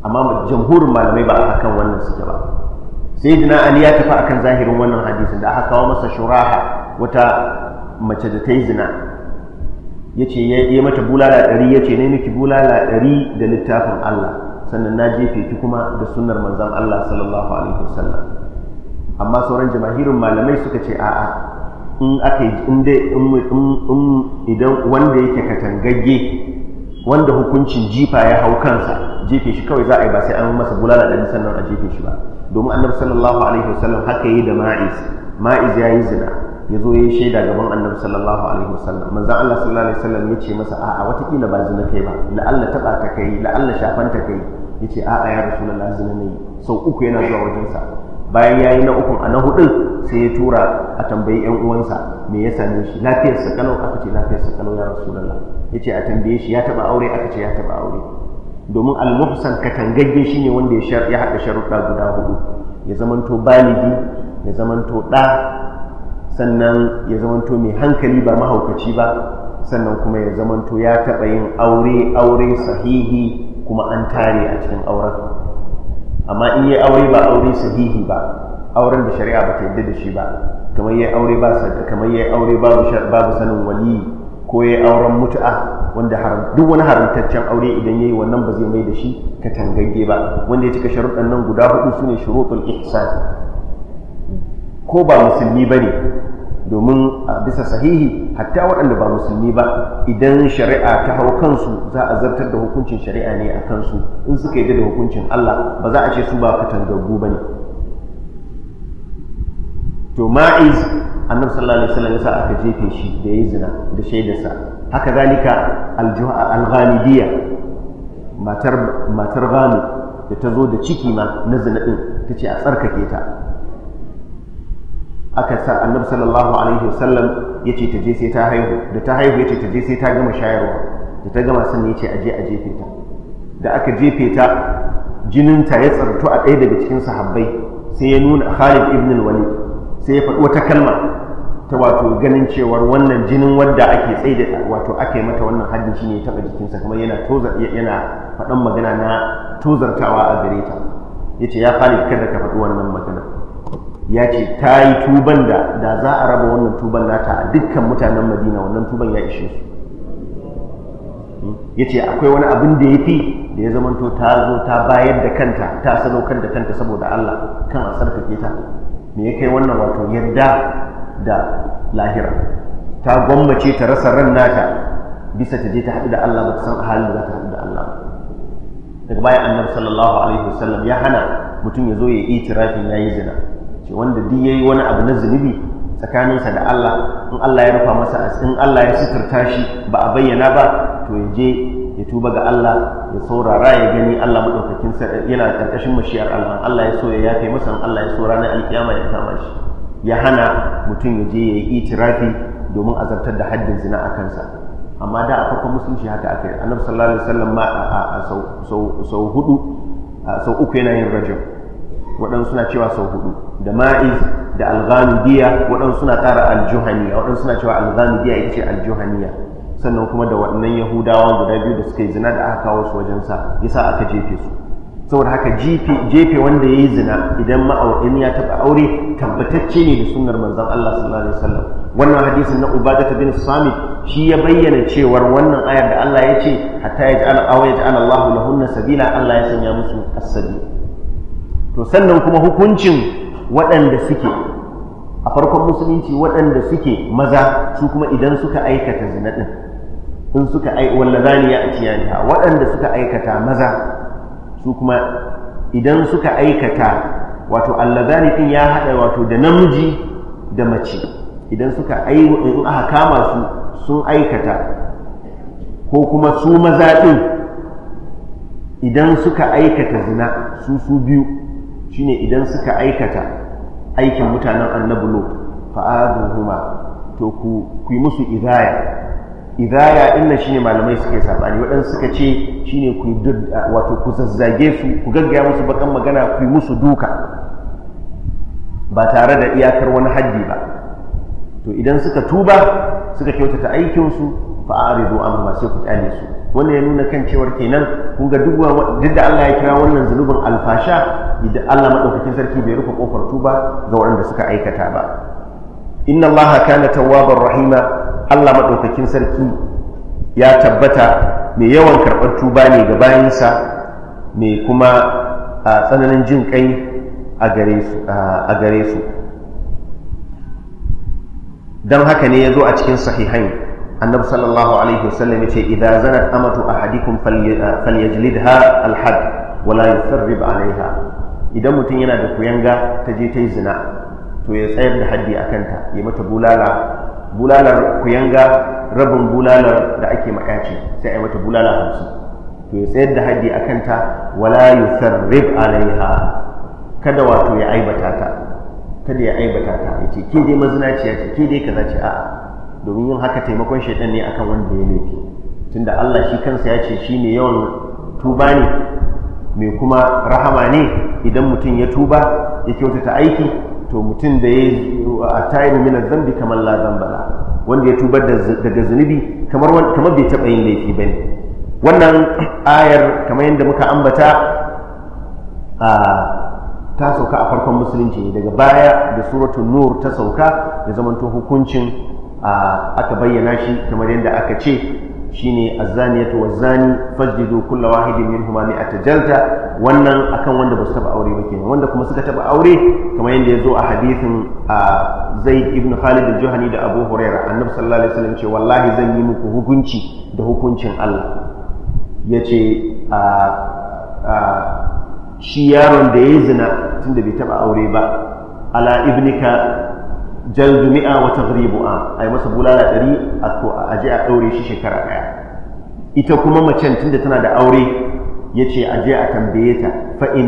amma jamhurin malamai ba a kan wannan suke ba sai jina ali ya tafi akan zahirin wannan hadisin da aka kawo masa shuraha wata mace da ta yi zina ya ce ya yi mata bulala ɗari ya ce ne miki bulala ɗari da littafin Allah sannan na jefe ki kuma da sunar manzan Allah sallallahu alaihi wasallam amma sauran jamahirin malamai suka ce a'a in aka yi in idan wanda yake katangagge wanda hukuncin jifa ya hau kansa jefe shi kawai za a yi ba sai an masa bulala ɗari sannan a jefe shi ba domin annabi sallallahu alaihi wasallam haka yi da ma'iz ma'iz ya yi zina ya zo ya yi shaida gaban annabi sallallahu alaihi wasallam manzan Allah sallallahu alaihi wasallam ya ce masa a'a kila ba zina kai ba la'alla taɓa ta kai la'alla shafan ta kai ya ce a'a ya rasulullahi zina ne sau uku yana zuwa wajensa bayan ya yi na ukun a na hudu sai ya tura a tambayi yan uwansa me ya same shi lafiyar sa kalau aka ce lafiyar sa kalau ya rasulullahi ya ce a tambaye shi ya taɓa aure aka ce ya taɓa aure domin almuhsan katangagge shine wanda ya haɗa sharuɗa guda hudu ya zamanto baligi ya zamanto ɗa sannan ya zamanto mai hankali ba mahaukaci ba sannan kuma ya zamanto ya taɓa yin aure aure sahihi kuma an tare a cikin auren amma in yi aure ba aure sahihi ba auren da shari'a ba ta yadda da shi ba kamar yi aure ba kamar yi aure babu sanin wali ko yi auren mutu'a wanda duk wani haramtaccen aure idan yayi wannan ba zai mai da shi ka ba wanda ya cika sharuɗan nan guda hudu sune shuruɗul ihsan ko ba musulmi ba ne domin a bisa sahihi hatta waɗanda ba musulmi ba idan shari'a ta hau kansu za a zartar da hukuncin shari'a ne a kansu in suka yi da hukuncin Allah ba za a ce su ba katangaggu ba ne to ma'iz annabi sallallahu alaihi wasallam yasa aka jefe shi da yayi zina da shaidarsa haka zalika al-ghamidiyya matar matar da ta zo da ciki ma na zina din tace a tsarkake ta aka sa annabi sallallahu alaihi wasallam ya ce ta je sai ta haihu da ta haihu ya ce ta je sai ta gama shayarwa da ta gama sannan ya ce aje a jefe ta da aka jefe ta jininta ya tsartu a ɗaya daga cikin sahabbai sai ya nuna Khalid ibn Walid sai ya faɗi wata kalma ta wato ganin cewar wannan jinin wadda ake tsaye da wato aka yi mata wannan haddin shi ne taɓa jikinsa kuma yana tozar yana faɗan magana na tozartawa a gare ta ya ce ya Khalid kada ka faɗi wannan magana ya ce ta yi tuban da da za a raba wannan tuban nata a dukkan mutanen madina wannan tuban ya ishe su hmm? ya ce akwai wani abin da ya fi da ya zamanto ta zo ta bayar da kanta ta sadaukar da kanta saboda Allah kan a sarkake ta me ya kai wannan wato yadda da lahira ta gwammace ta rasa ran nata bisa ta je ta haɗu da Allah ba ta san halin da za ta haɗu da Allah daga bayan annabi sallallahu alaihi wasallam ya hana mutum ya zo ya yi itirafin ya yi zina ce wanda duk yayi wani abu na zunubi tsakaninsa da Allah in Allah ya rufa masa in Allah ya suturta shi ba a bayyana ba to ya je ya tuba ga Allah ya saurara ya gani Allah madaukakin yana karkashin mashiyar Allah Allah ya so ya yafe masa in Allah ya so ranar alkiyama ya kama shi ya hana mutum ya je ya yi itirafi domin azabtar da haddin zina a kansa amma da a farkon musulunci haka aka yi annabi sallallahu alaihi wasallam ma a sau hudu sau uku yana yin rajab waɗansu suna cewa sau hudu da ma'iz da alghanudiya waɗansu suna ƙara aljuhaniya waɗansu suna cewa alghanudiya ita ce aljuhaniya sannan kuma da waɗannan yahudawa guda biyu da suka yi zina da aka kawo su wajensa sa aka jefe su saboda haka jefe wanda ya yi zina idan ma'aurin ya taɓa aure tabbatacce ne da sunnar manzon Allah sallallahu alaihi wasallam wannan hadisin na ubadata bin samit shi ya bayyana cewar wannan ayar da Allah ya ce hatta ya ja'ala aw ya ja'ala Allahu lahunna sabila Allah ya sanya musu as to sannan kuma hukuncin waɗanda suke a farkon musulunci waɗanda suke maza su kuma idan suka aikata zina ɗin in suka ai wallazani ya atiyaniha waɗanda suka aikata maza su kuma idan suka aikata wato allazani ɗin ya haɗa wato da namiji da mace idan suka aikata in aka kama su sun aikata ko kuma su maza ɗin idan suka aikata zina su su biyu shine idan suka aikata aikin mutanen annabi lo fa'aduhuma to ku ku yi musu idaya idaya inna shine malamai suke sabani waɗansu suka ce shine ku wato ku zazzage su ku gaggaya musu bakan magana ku yi musu duka ba tare da iyakar wani haddi ba to idan suka tuba suka kyautata aikinsu fa a'ridu amma sai ku kyale su wannan ya nuna kan cewar kenan kun ga duk da Allah ya kira wannan zunubin alfasha idan Allah madaukakin sarki bai rufe kofar tuba ga waɗanda suka aikata ba inna Allah kana tawwabar rahima Allah madaukakin sarki ya tabbata mai yawan karɓar tuba ne ga bayansa mai kuma a tsananin jin kai a gare su don haka ne ya zo a cikin sahihain annabi sallallahu alaihi wasallam yace idza zanat amatu ahadikum falyajlidha alhad wala yusarrib alaiha idan mutum yana da kuyanga ta je ta yi zina to ya tsayar da haddi a kanta ya mata bulala bulalar kuyanga rabin bulalar da ake mayaci sai a mata bulala hamsin to ya tsayar da haddi a kanta wala yusarrib alaiha kada wato ya aibata ta kada ya aibata ta ya ce ke dai mazinaciya ce ke dai kaza ce a'a domin yin haka taimakon shaidan ne akan wanda ya laifi tunda Allah shi kansa ya ce shi ne yawan tuba ne mai kuma rahama ne idan mutum ya tuba ya kyautata aiki to mutum da ya a tayin min zambi kamar la zambala wanda ya tubar daga zunubi kamar bai taba yin laifi ba ne. wannan ayar kamar yadda muka ambata a ta sauka a farkon musulunci daga baya da suratun nur ta sauka ya zamanto hukuncin aka bayyana shi kamar yadda aka ce shine azzaniyatu wazzani fasjidu kullu wahidin minhuma a jalda wannan akan wanda basu taba aure ba kenan wanda kuma suka taba aure kamar yadda zo a hadithin Zaid ibn Khalid al-Juhani da Abu Hurairah annabi sallallahu alaihi wasallam ce wallahi zan yi muku hukunci da hukuncin Allah yace a shi yaron da ya zina tunda bai taba aure ba ala ibnika jaldu mi'a wa taghribu a ai masa bulala ɗari a je a ɗaure shi shekara ɗaya ita kuma macen tunda tana da aure yace a je a tambaye ta fa in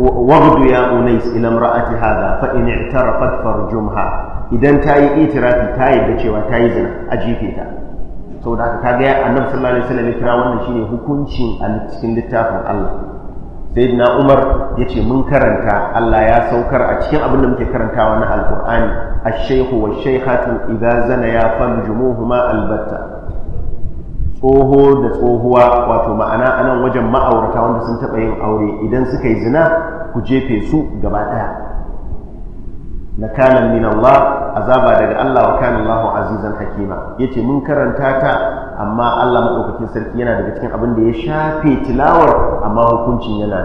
waghdu ya unais ila imra'ati hadha fa in i'tarafat farjumha idan ta yi itirafi ta yadda cewa ta yi zina a jefe ta saboda haka kaga annabi sallallahu alaihi wasallam ya kira wannan shine hukuncin a cikin littafin Allah sayyidina umar ya ce mun karanta allah ya saukar a cikin abin da muke karantawa na alkur'ani ashaihu wa shaihatu idan zana ya farjumuhuma albatta tsoho da tsohuwa wato ma'ana anan wajen ma'aurata wanda sun taɓa yin aure idan suka yi zina ku jefe su gaba ɗaya nakalan min Allah azaba daga Allah wa kana Allah azizan hakima yace mun karanta ta amma Allah madaukakin sarki yana daga cikin abin da ya shafe tilawar amma hukuncin yana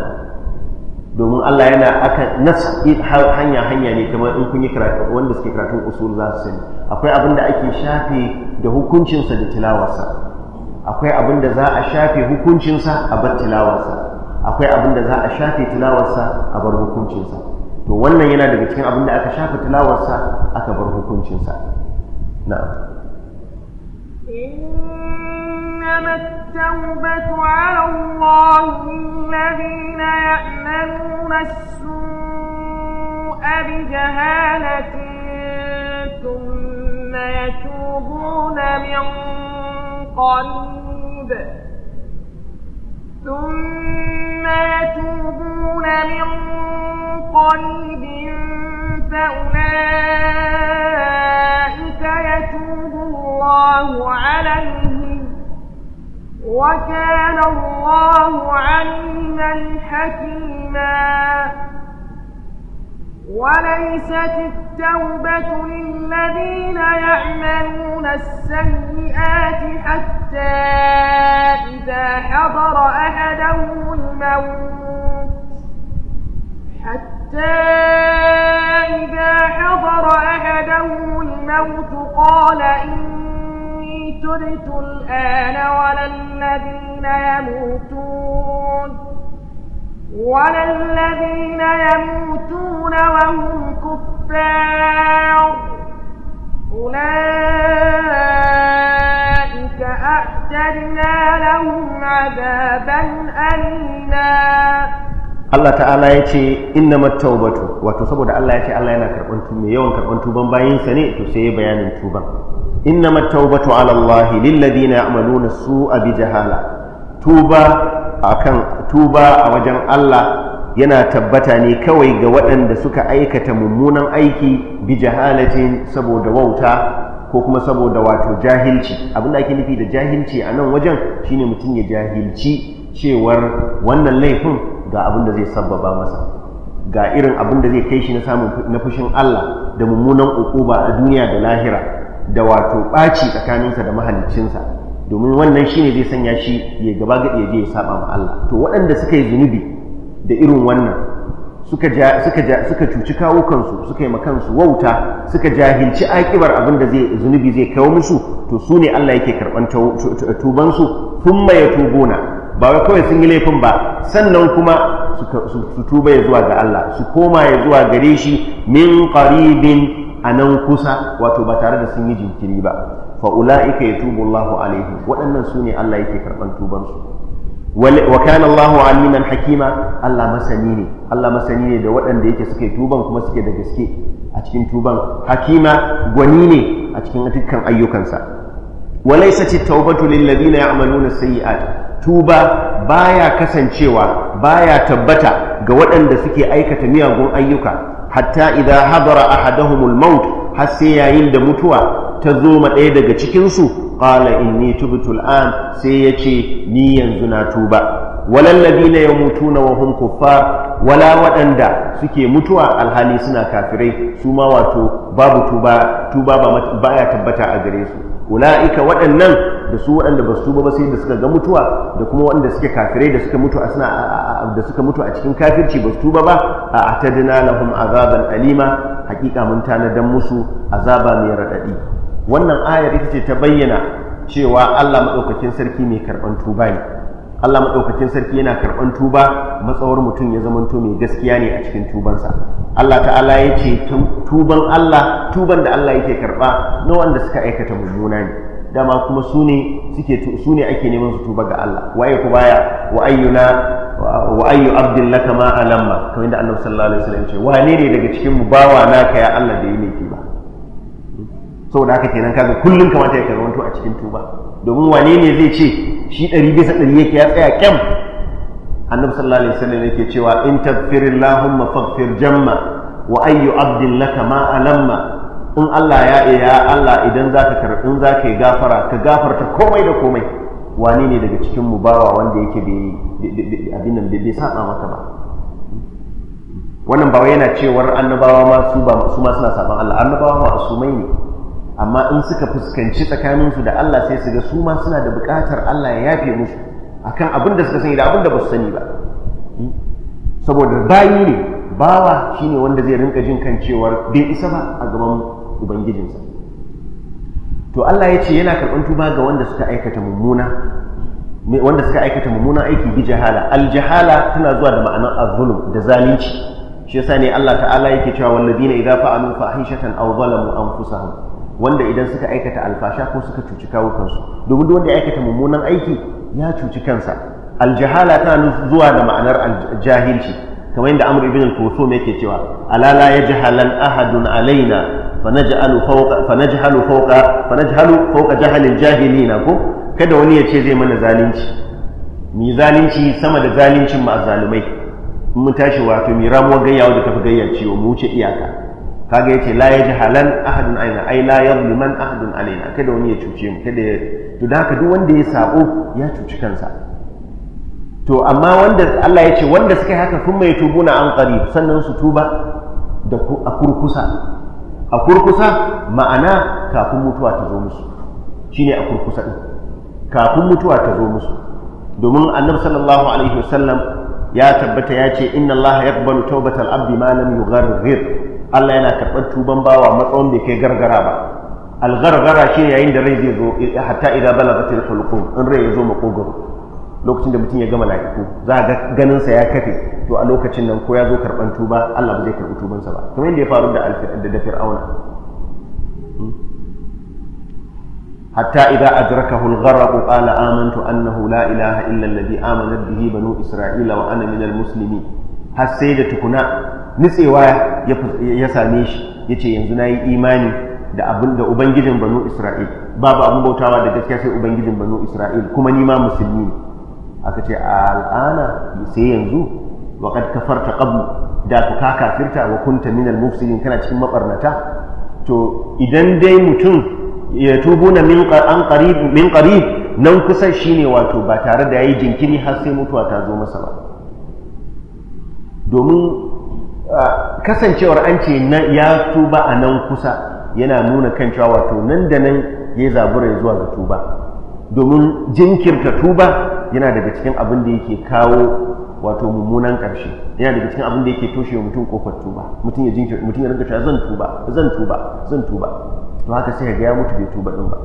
domin Allah yana aka nafs hanya hanya ne kamar in kun yi karatu wanda suke karatun usul za su sani akwai abin da ake shafe da hukuncinsa da tilawarsa akwai abin da za a shafe hukuncinsa a bar tilawarsa akwai abin da za a shafe tilawarsa a bar hukuncinsa to wannan yana daga cikin abin da aka shafa tilawarsa aka bar hukuncinsa na'am إنما التوبة على الله الذين يعملون السوء بجهالة ثم يتوبون من قريب ثم يتوبون من قريب فأولئك يتوب الله عليهم وكان الله عليما حكيما وليست التوبة للذين يعملون السيئات حتى إذا حضر أحدهم الموت حتى إذا حضر أحدهم الموت قال إني تبت الآن ولا الذين يموتون وللذين يموتون وهم كفار أولئك أعتدنا لهم عذابا ألينا Allah ta'ala ya ce inna mattaubatu wato saboda Allah ya ce Allah yana karɓan tuba yawan karɓar tuban sa ne to sai ya bayanin tuban inna mattaubatu ala Allah lil ladina ya'maluna su'a bi jahala tuba akan tuba a wajen Allah yana tabbata ne kawai ga waɗanda suka aikata mummunan aiki bi jahalatin saboda wauta ko kuma saboda wato jahilci abinda ake nufi da jahilci a nan wajen shine mutum ya jahilci cewar wannan laifin ga abin da zai sabbaba masa ga irin abin da zai kai shi na samun na fushin Allah da mummunan ukuba a duniya da lahira da wato ɓaci tsakaninsa da mahalicinsa. domin wannan shi ne zai sanya shi ya gaba gaɗe ya je ya saba ma Allah to waɗanda suka yi zunubi da irin wannan suka cuci kawo kansu suka yi ma wauta suka jahilci akibar abin da zai zunubi zai kawo musu to su ne Allah yake karɓan tuban su ya tubona ba wai kawai sun yi laifin ba sannan kuma su tuba ya zuwa ga Allah su koma ya zuwa gare shi min qaribin a nan kusa wato ba tare da sun yi jinkiri ba fa ulaika yatubu Allahu alaihi waɗannan su ne Allah yake karɓan tubansu wa kana Allahu aliman hakima Allah masani ne Allah masani ne da waɗanda yake suke tuban kuma suke da gaske a cikin tuban hakima gwani ne a cikin dukkan ayyukansa wa laysa at-taubatu lil ladina ya'maluna sayyi'at tuba baya kasancewa baya tabbata ga waɗanda suke aikata miyagun ayyuka hatta idza hadara ahaduhumul maut har sai yayin da mutuwa ta zo ma ɗaya daga cikinsu ƙala inni tubtu al'an sai yace ni yanzu na tuba walallabi na ya mutu na wahun kuffar wala waɗanda suke mutuwa alhali suna kafirai su ma wato babu tuba tuba ba baya tabbata a gare su ulaika waɗannan da su waɗanda ba su tuba ba sai da suka ga mutuwa da kuma waɗanda suke kafirai da suka mutu a cikin kafirci ba su tuba ba a atadna lahum azaban alima hakika mun tanadan musu azaba mai raɗaɗi wannan ayar ita ce ta bayyana cewa Allah maɗaukakin sarki mai karɓar tuba ne Allah maɗaukakin sarki yana karɓar tuba matsawar mutum ya zamanto mai gaskiya ne a cikin tubansa Allah ta'ala ya ce tuban Allah tuban da Allah yake karɓa na wanda suka aikata mummuna ne dama kuma su ne suke su ne ake neman su tuba ga Allah waye ku baya wa ayyuna wa ayyu abdin laka ma alamma kamar da Annabi sallallahu alaihi wasallam ce wane ne daga cikin mu bawa naka ya Allah da yi ne saboda haka kenan kaga kullum kamata ya karanto a cikin tuba domin wane ne zai ce shi ɗari bisa ɗari yake ya tsaya kyam annabi sallallahu alaihi wasallam yake cewa in tagfirillahumma faghfir jamma wa ayyu abdin laka ma in Allah ya iya Allah idan za ka zaka za ka yi gafara ka gafarta komai da komai wani ne daga cikin mu bawa wanda yake abin nan bai saba maka ba wannan ba yana cewar annabawa ma su ba su ma suna saban Allah annabawa ma mai ne amma in suka fuskanci tsakaninsu da Allah sai su ga su ma suna da buƙatar Allah ya yafe musu akan abin da suka sani da abin da ba su sani ba hmm? saboda bayi ne bawa shine wanda zai rinka jin kan cewar bai isa ba a gaban ubangijinsa to Allah ya ce yana karɓar tuba ga wanda suka aikata mummuna wanda suka aikata mummuna aiki bi jahala al jahala tana zuwa da ma'anar azzulum da zalunci shi yasa ne Allah ta'ala yake cewa wallazina idza fa'alu fahishatan aw zalamu anfusahum wanda idan suka aikata alfasha ko suka cuci kawukansu domin duk wanda ya aikata mummunan aiki ya cuci kansa aljahala tana zuwa da ma'anar jahilci kamar yadda amr ibn al-kusum yake cewa alala yajhalan ahadun alaina fanaj'alu fawqa fanaj'alu fawqa fanaj'alu fawqa jahilina ko kada wani ya ce zai mana zalunci mi zalunci sama da zaluncin ma zalumai mun tashi wato mi ramuwa gayyawa da tafi gayyar wa mu wuce iyaka kaga yace la yajhalan ahadun aina ai la man ahadun alaina kada wani ya cuce mu kada ya to da haka duk wanda ya sako ya cuci kansa to amma wanda Allah ya ce wanda suka yi haka kun mai tubuna an qari sannan su tuba da a kurkusa a kurkusa ma'ana kafin mutuwa ta zo musu shine a kurkusa din kafin mutuwa ta zo musu domin annabi sallallahu alaihi wasallam ya tabbata ya ce inna allaha yaqbalu tawbatal abdi ma lam yughargir Allah yana karɓar tuban bawa matsawan bai kai gargara ba algargara shi yayin da rai zai zo eh, hatta idza balagatil hulqum in rai ya zo makogaro lokacin da mutum ya gama lafiku za ga ganin sa ya kafe to a lokacin nan ko ya zo karban tuba Allah ba zai karbi tuban sa ba kamar yadda ya faru da alfir da fir'auna hmm? hatta idza adrakahu al-gharq qala amantu annahu la ilaha illa alladhi amanat bihi banu isra'ila wa ana minal muslimin har sai da tukuna nitsewa ya same shi ya ce yanzu na yi imani da abin da ubangijin banu isra'il babu abin bautawa da gaskiya sai ubangijin banu isra'il kuma ni ma musulmi ne aka ce a al'ana sai yanzu wa kad kafarta qablu da ku ka kafirta wa kunta minal mufsidin kana cikin mabarnata to idan dai mutum ya tubu na min qarib nan kusa shine wato ba tare da yayi jinkiri har sai mutuwa ta zo masa ba domin kasancewar an ce ya tuba a nan kusa yana nuna kan cewa wato nan da nan ya zabura ya zuwa ga tuba domin jinkirta tuba yana daga cikin abin da yake kawo wato mummunan ƙarshe yana daga cikin abin da yake toshe wa mutum kofar tuba mutum ya jinkirta mutum ya rinka cewa zan tuba zan tuba zan tuba to haka sai ga ya mutu bai tuba din ba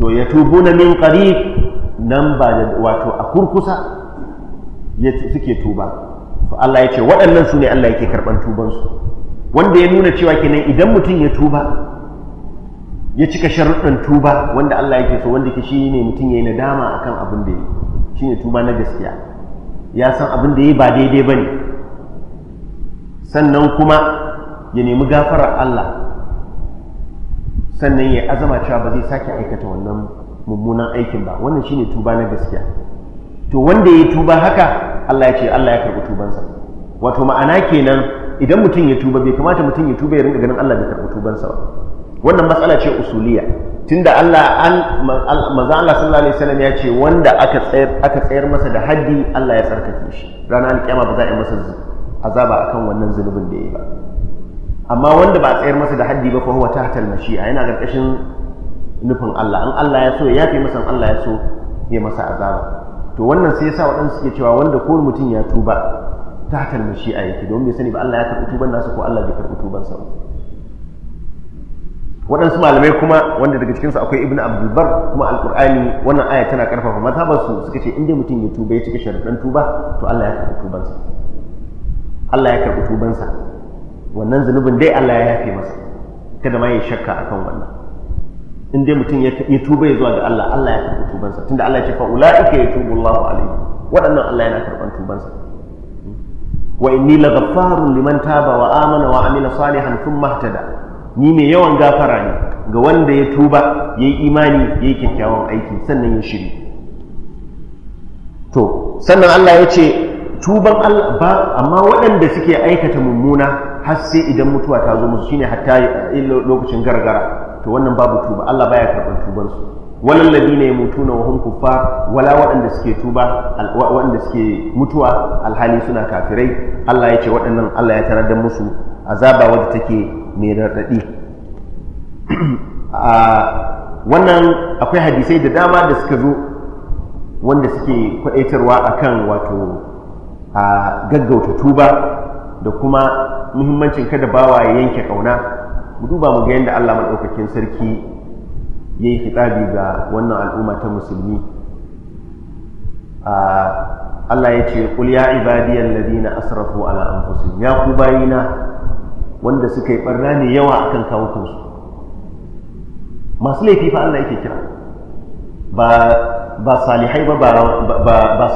to ya tubu na min qarib nan ba da wato a kurkusa suke tuba Allah ya ce waɗannan su ne Allah yake karɓar tubansu wanda ya nuna cewa kenan idan mutum ya tuba ya cika sharuɗin tuba wanda Allah yake so wanda ke shi ne mutum ya yi nadama kan abin da ya yi. shi ne tuba na gaskiya ya san abin da ya yi ba daidai ba ne sannan kuma ya nemi gafarar Allah sannan ya azama cewa ba zai sake aikata wannan mummunan aikin ba wannan shi ne tuba na gaskiya to wanda ya tuba haka Allah ya ce Allah ya karɓi tubansa wato ma'ana kenan idan mutum ya tuba bai kamata mutum ya tuba ya rinka ganin Allah bai karɓi tubansa ba wannan matsala ce usuliya tunda Allah an maza Allah sallallahu alaihi wasallam ya ce wanda aka tsayar aka tsayar masa da haddi Allah ya tsarkake shi ranar alƙiyama ba za a yi masa azaba akan wannan zunubin da ya yi ba amma wanda ba a tsayar masa da haddi ba fa huwa tahtal mashi'a yana karkashin nufin Allah in Allah ya so ya fi masa in Allah ya so ya masa azaba to wannan sai yasa waɗansu suke cewa wanda ko mutum ya tuba ta hatar shi a yake domin bai sani ba Allah ya karɓi tuban nasa ko Allah bai karɓi tuban sa waɗansu malamai kuma wanda daga cikinsu akwai ibn abdulbar kuma alƙur'ani wannan aya tana ƙarfafa mazhabarsu suka ce inda mutum ya tuba ya cika sharaɗan tuba to Allah ya karɓi sa. Allah ya karɓi tuban sa, wannan zunubin dai Allah ya yafe masa kada ma ya shakka akan wannan in dai mutum ya tuba ya zuwa ga Allah Allah ya karɓi tubansa tunda Allah ya ce fa ulaika yatubu Allahu alaihi waɗannan Allah yana karɓan tubansa wa inni laghaffarun liman taba wa amana wa amila salihan thumma ihtada ni mai yawan gafara ne ga wanda ya tuba yayi imani yayi kyakkyawan aiki sannan ya shiri to sannan Allah ya ce tuban Allah ba amma waɗanda suke aikata mummuna har sai idan mutuwa ta zo musu shine hatta lokacin gargara to wannan babu tuba Allah baya karɓar tuban su wannan ladina mutu wa wahun wala waɗanda suke tuba waɗanda suke mutuwa alhali suna kafirai Allah ya ce waɗannan Allah ya tarar da musu azaba wadda take mai raɗaɗi a wannan akwai hadisai da dama da suka zo wanda suke kwadaitarwa akan wato a gaggauta tuba da kuma muhimmancin kada bawa ya yanke ƙauna. mu duba mu ga yadda Allah maɗaukakin sarki ya yi fitabi ga wannan al'umma ta musulmi Allah ya ce ƙul ya ibadiyar ladina asrafu ala anfusihim ya ku bayina wanda suka yi ɓarna ne yawa akan kawo kansu masu laifi fa Allah yake kira ba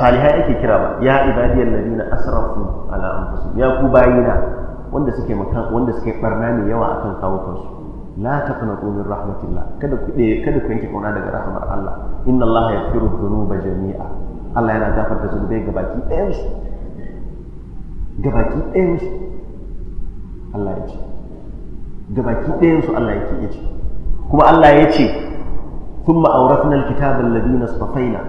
salihai ake kira ba ya ibadiyar ladina asrafu ala anfusihim ya ku bayina wanda suke wanda suke barna mai yawa akan kawo kansu la taqnatu min rahmatillah kada ku kada ku yanke kauna daga rahmar Allah inna Allah yaghfiru dhunuba jami'a Allah yana gafarta zunubai gabaki ɗaya su gabaki ɗaya su Allah ya ce gabaki ɗaya su Allah yake ya ce kuma Allah ya ce thumma awrathna alkitaba alladhina istafaina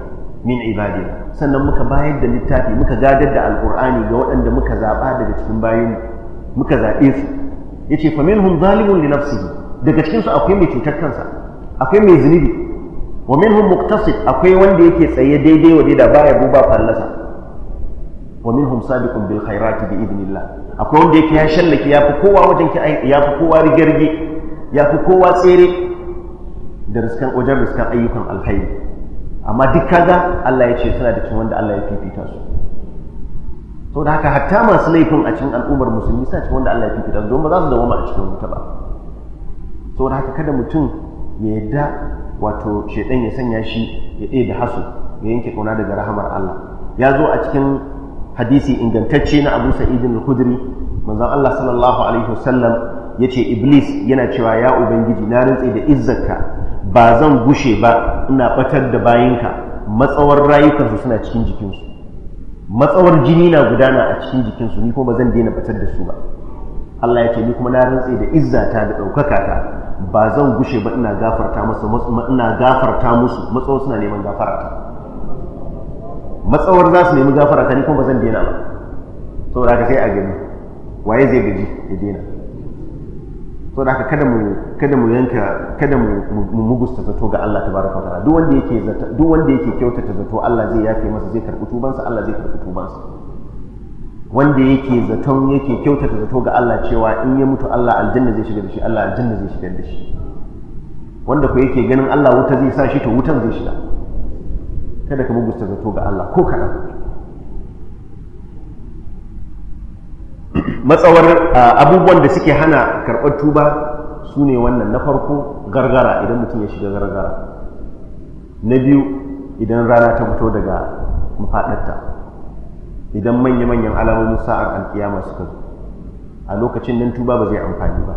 min ibadina sannan muka bayar da littafi muka gadar da alqur'ani ga waɗanda muka zaba daga cikin bayinmu muka zaɓe su ya ce famin hun zalimun li nafsihi daga cikinsu akwai mai cutar kansa akwai mai zunubi wa min hun muktasid akwai wanda yake tsaye daidai wa da baya buba fallasa wa min hun sabiqun bil khairati bi idnillah akwai wanda yake ya shallake ya fi kowa wajen ki ya fi kowa rigarge ya fi kowa tsere da riskan wajen riskan ayyukan alkhairi amma duk kaga Allah ya ce suna da cin wanda Allah ya fifita su sau da haka hatta masu laifin a cikin al'ummar musulmi suna cikin wanda Allah ya fi don ba za su zama a cikin wuta ba sau da haka kada mutum ya yadda wato shaidan ya sanya shi ya ɗaya da hasu ya yanke kauna daga rahamar Allah ya zo a cikin hadisi ingantacce na Abu sa'idin al-Khudri manzon Allah sallallahu alaihi wasallam ce iblis yana cewa ya ubangiji na rantse da izzarka ba zan gushe ba ina batar da bayinka matsawar rayukansu suna cikin jikinsu matsawar jini na gudana a cikin jikinsu ni kuma ba zan daina batar da su ba Allah ya ce ni kuma na rantse da izzata da ɗaukaka ta ba zan gushe ba ina gafarta musu ina gafarta musu matsawar suna neman gafara ta matsawar za su nemi gafara ta ni kuma ba zan daina ba saboda haka sai a gani waye zai gaji ya daina saboda haka kada mu kada mu yanka kada mu mugusta zato ga Allah tabaraka ta'ala duk wanda yake zato duk wanda yake kyautata zato Allah zai yafe masa zai karɓi tubansa Allah zai karɓi tubansa wanda yake zaton yake kyautata zato ga Allah cewa in ya mutu Allah aljanna zai shiga da shi Allah aljanna zai shiga da shi wanda ku yake ganin Allah wuta zai sa shi to wutan zai shiga kada ka mugusta zato ga Allah ko kaɗan matsawar ah, abubuwan da suke hana karɓar tuba su ne wannan na farko gargara idan mutum ya shiga gargara na biyu idan rana ta fito daga mafaɗarta idan manya-manyan alamomin sa'ar alkiyama suka zo a lokacin nan tuba ba zai amfani ba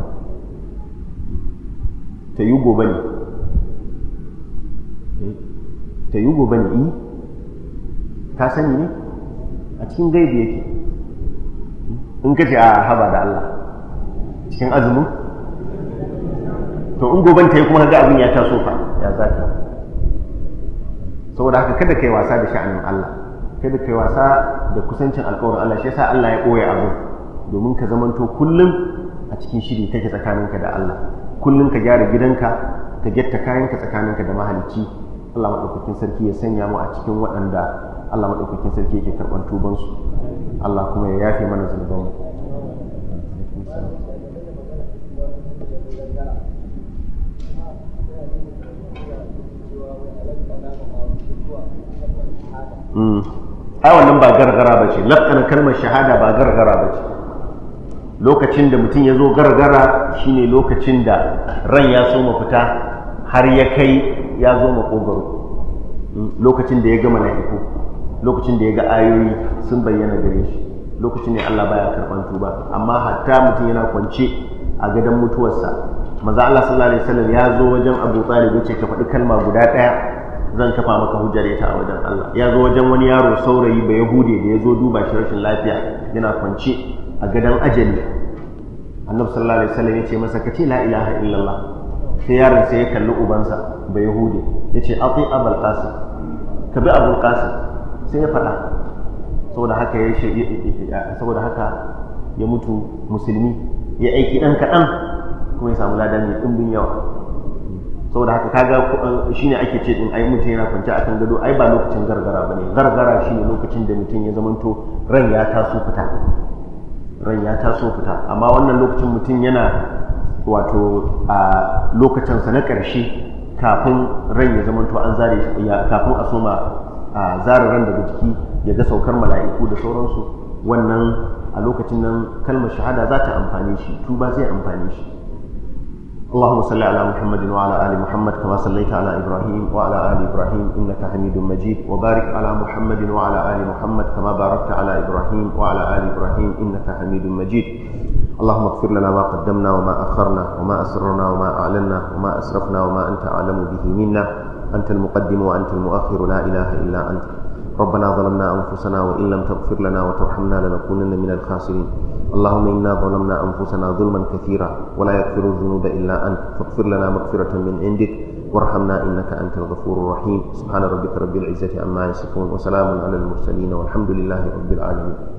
ta yi gobe ne eh, ta yi gobe ne yi eh. ta sani ne a cikin gaibi yake in ka ce a haba da Allah cikin azumin to in goben ta yi kuma ga abin ya taso fa ya zaka saboda haka kada kai wasa da sha'anin Allah kada kai wasa da kusancin alƙawarin Allah shi yasa Allah ya koya abu domin ka zamanto kullum a cikin shiri take tsakaninka da Allah kullum ka gyara gidanka ka getta kayanka tsakaninka da mahalicci Allah madaukakin sarki ya sanya mu a cikin waɗanda Allah madaukakin sarki yake karɓar tubansu Allah kuma ya yafe mana zunubanmu Hmm. ai wannan ba gargara ba ce lafkanin kalmar shahada ba gargara ba ce lokacin da mutum ya zo gargara ne lokacin da ran ya so fita har ya kai ya zo makogaro hmm. lokacin da ya gama na iko lokacin da ya ga ayoyi sun bayyana gare shi lokacin ne Allah baya karɓar tuba amma hatta mutum yana kwance a gadon mutuwarsa maza Allah sallallahu alaihi wasallam ya zo wajen Abu tsari ya ce ka faɗi kalma guda ɗaya zan kafa maka hujjar ta a wajen Allah ya zo wajen wani yaro saurayi ba hude da ya zo duba shi rashin lafiya yana kwance a gadon ajali annabi sallallahu alaihi wasallam ya ce masa kace la ilaha illallah sai yaron sai ya kalli ubansa ba hude ya ce ati abul qasim ka bi abul qasim sai ya faɗa saboda haka ya saboda haka ya mutu musulmi ya aiki dan kaɗan kuma ya samu ladan ya ɗumbin yawa saboda haka kaga eh, shine ake ce din ai mutum yana kwance akan gado ai ba lokacin gargara bane gargara shine lokacin da mutum ya zamanto ran ya taso fita ran ya taso fita amma wannan lokacin mutum yana wato a lokacin sa na karshe kafin ran ya zamanto an zare kafin a soma a zare ran daga jiki ya ga saukar mala'iku da sauransu wannan a lokacin nan kalmar shahada za ta amfane shi tuba zai amfane shi اللهم صل على محمد وعلى ال محمد كما صليت على ابراهيم وعلى ال ابراهيم انك حميد مجيد وبارك على محمد وعلى ال محمد كما باركت على ابراهيم وعلى ال ابراهيم انك حميد مجيد اللهم اغفر لنا ما قدمنا وما اخرنا وما اسررنا وما اعلنا وما اسرفنا وما انت اعلم به منا انت المقدم وانت المؤخر لا اله الا انت ربنا ظلمنا انفسنا وان لم تغفر لنا وترحمنا لنكونن من الخاسرين اللهم إنا ظلمنا أنفسنا ظلما كثيرا ولا يغفر الذنوب إلا أنت فاغفر لنا مغفرة من عندك وارحمنا إنك أنت الغفور الرحيم سبحان ربك رب العزة عما يصفون وسلام على المرسلين والحمد لله رب العالمين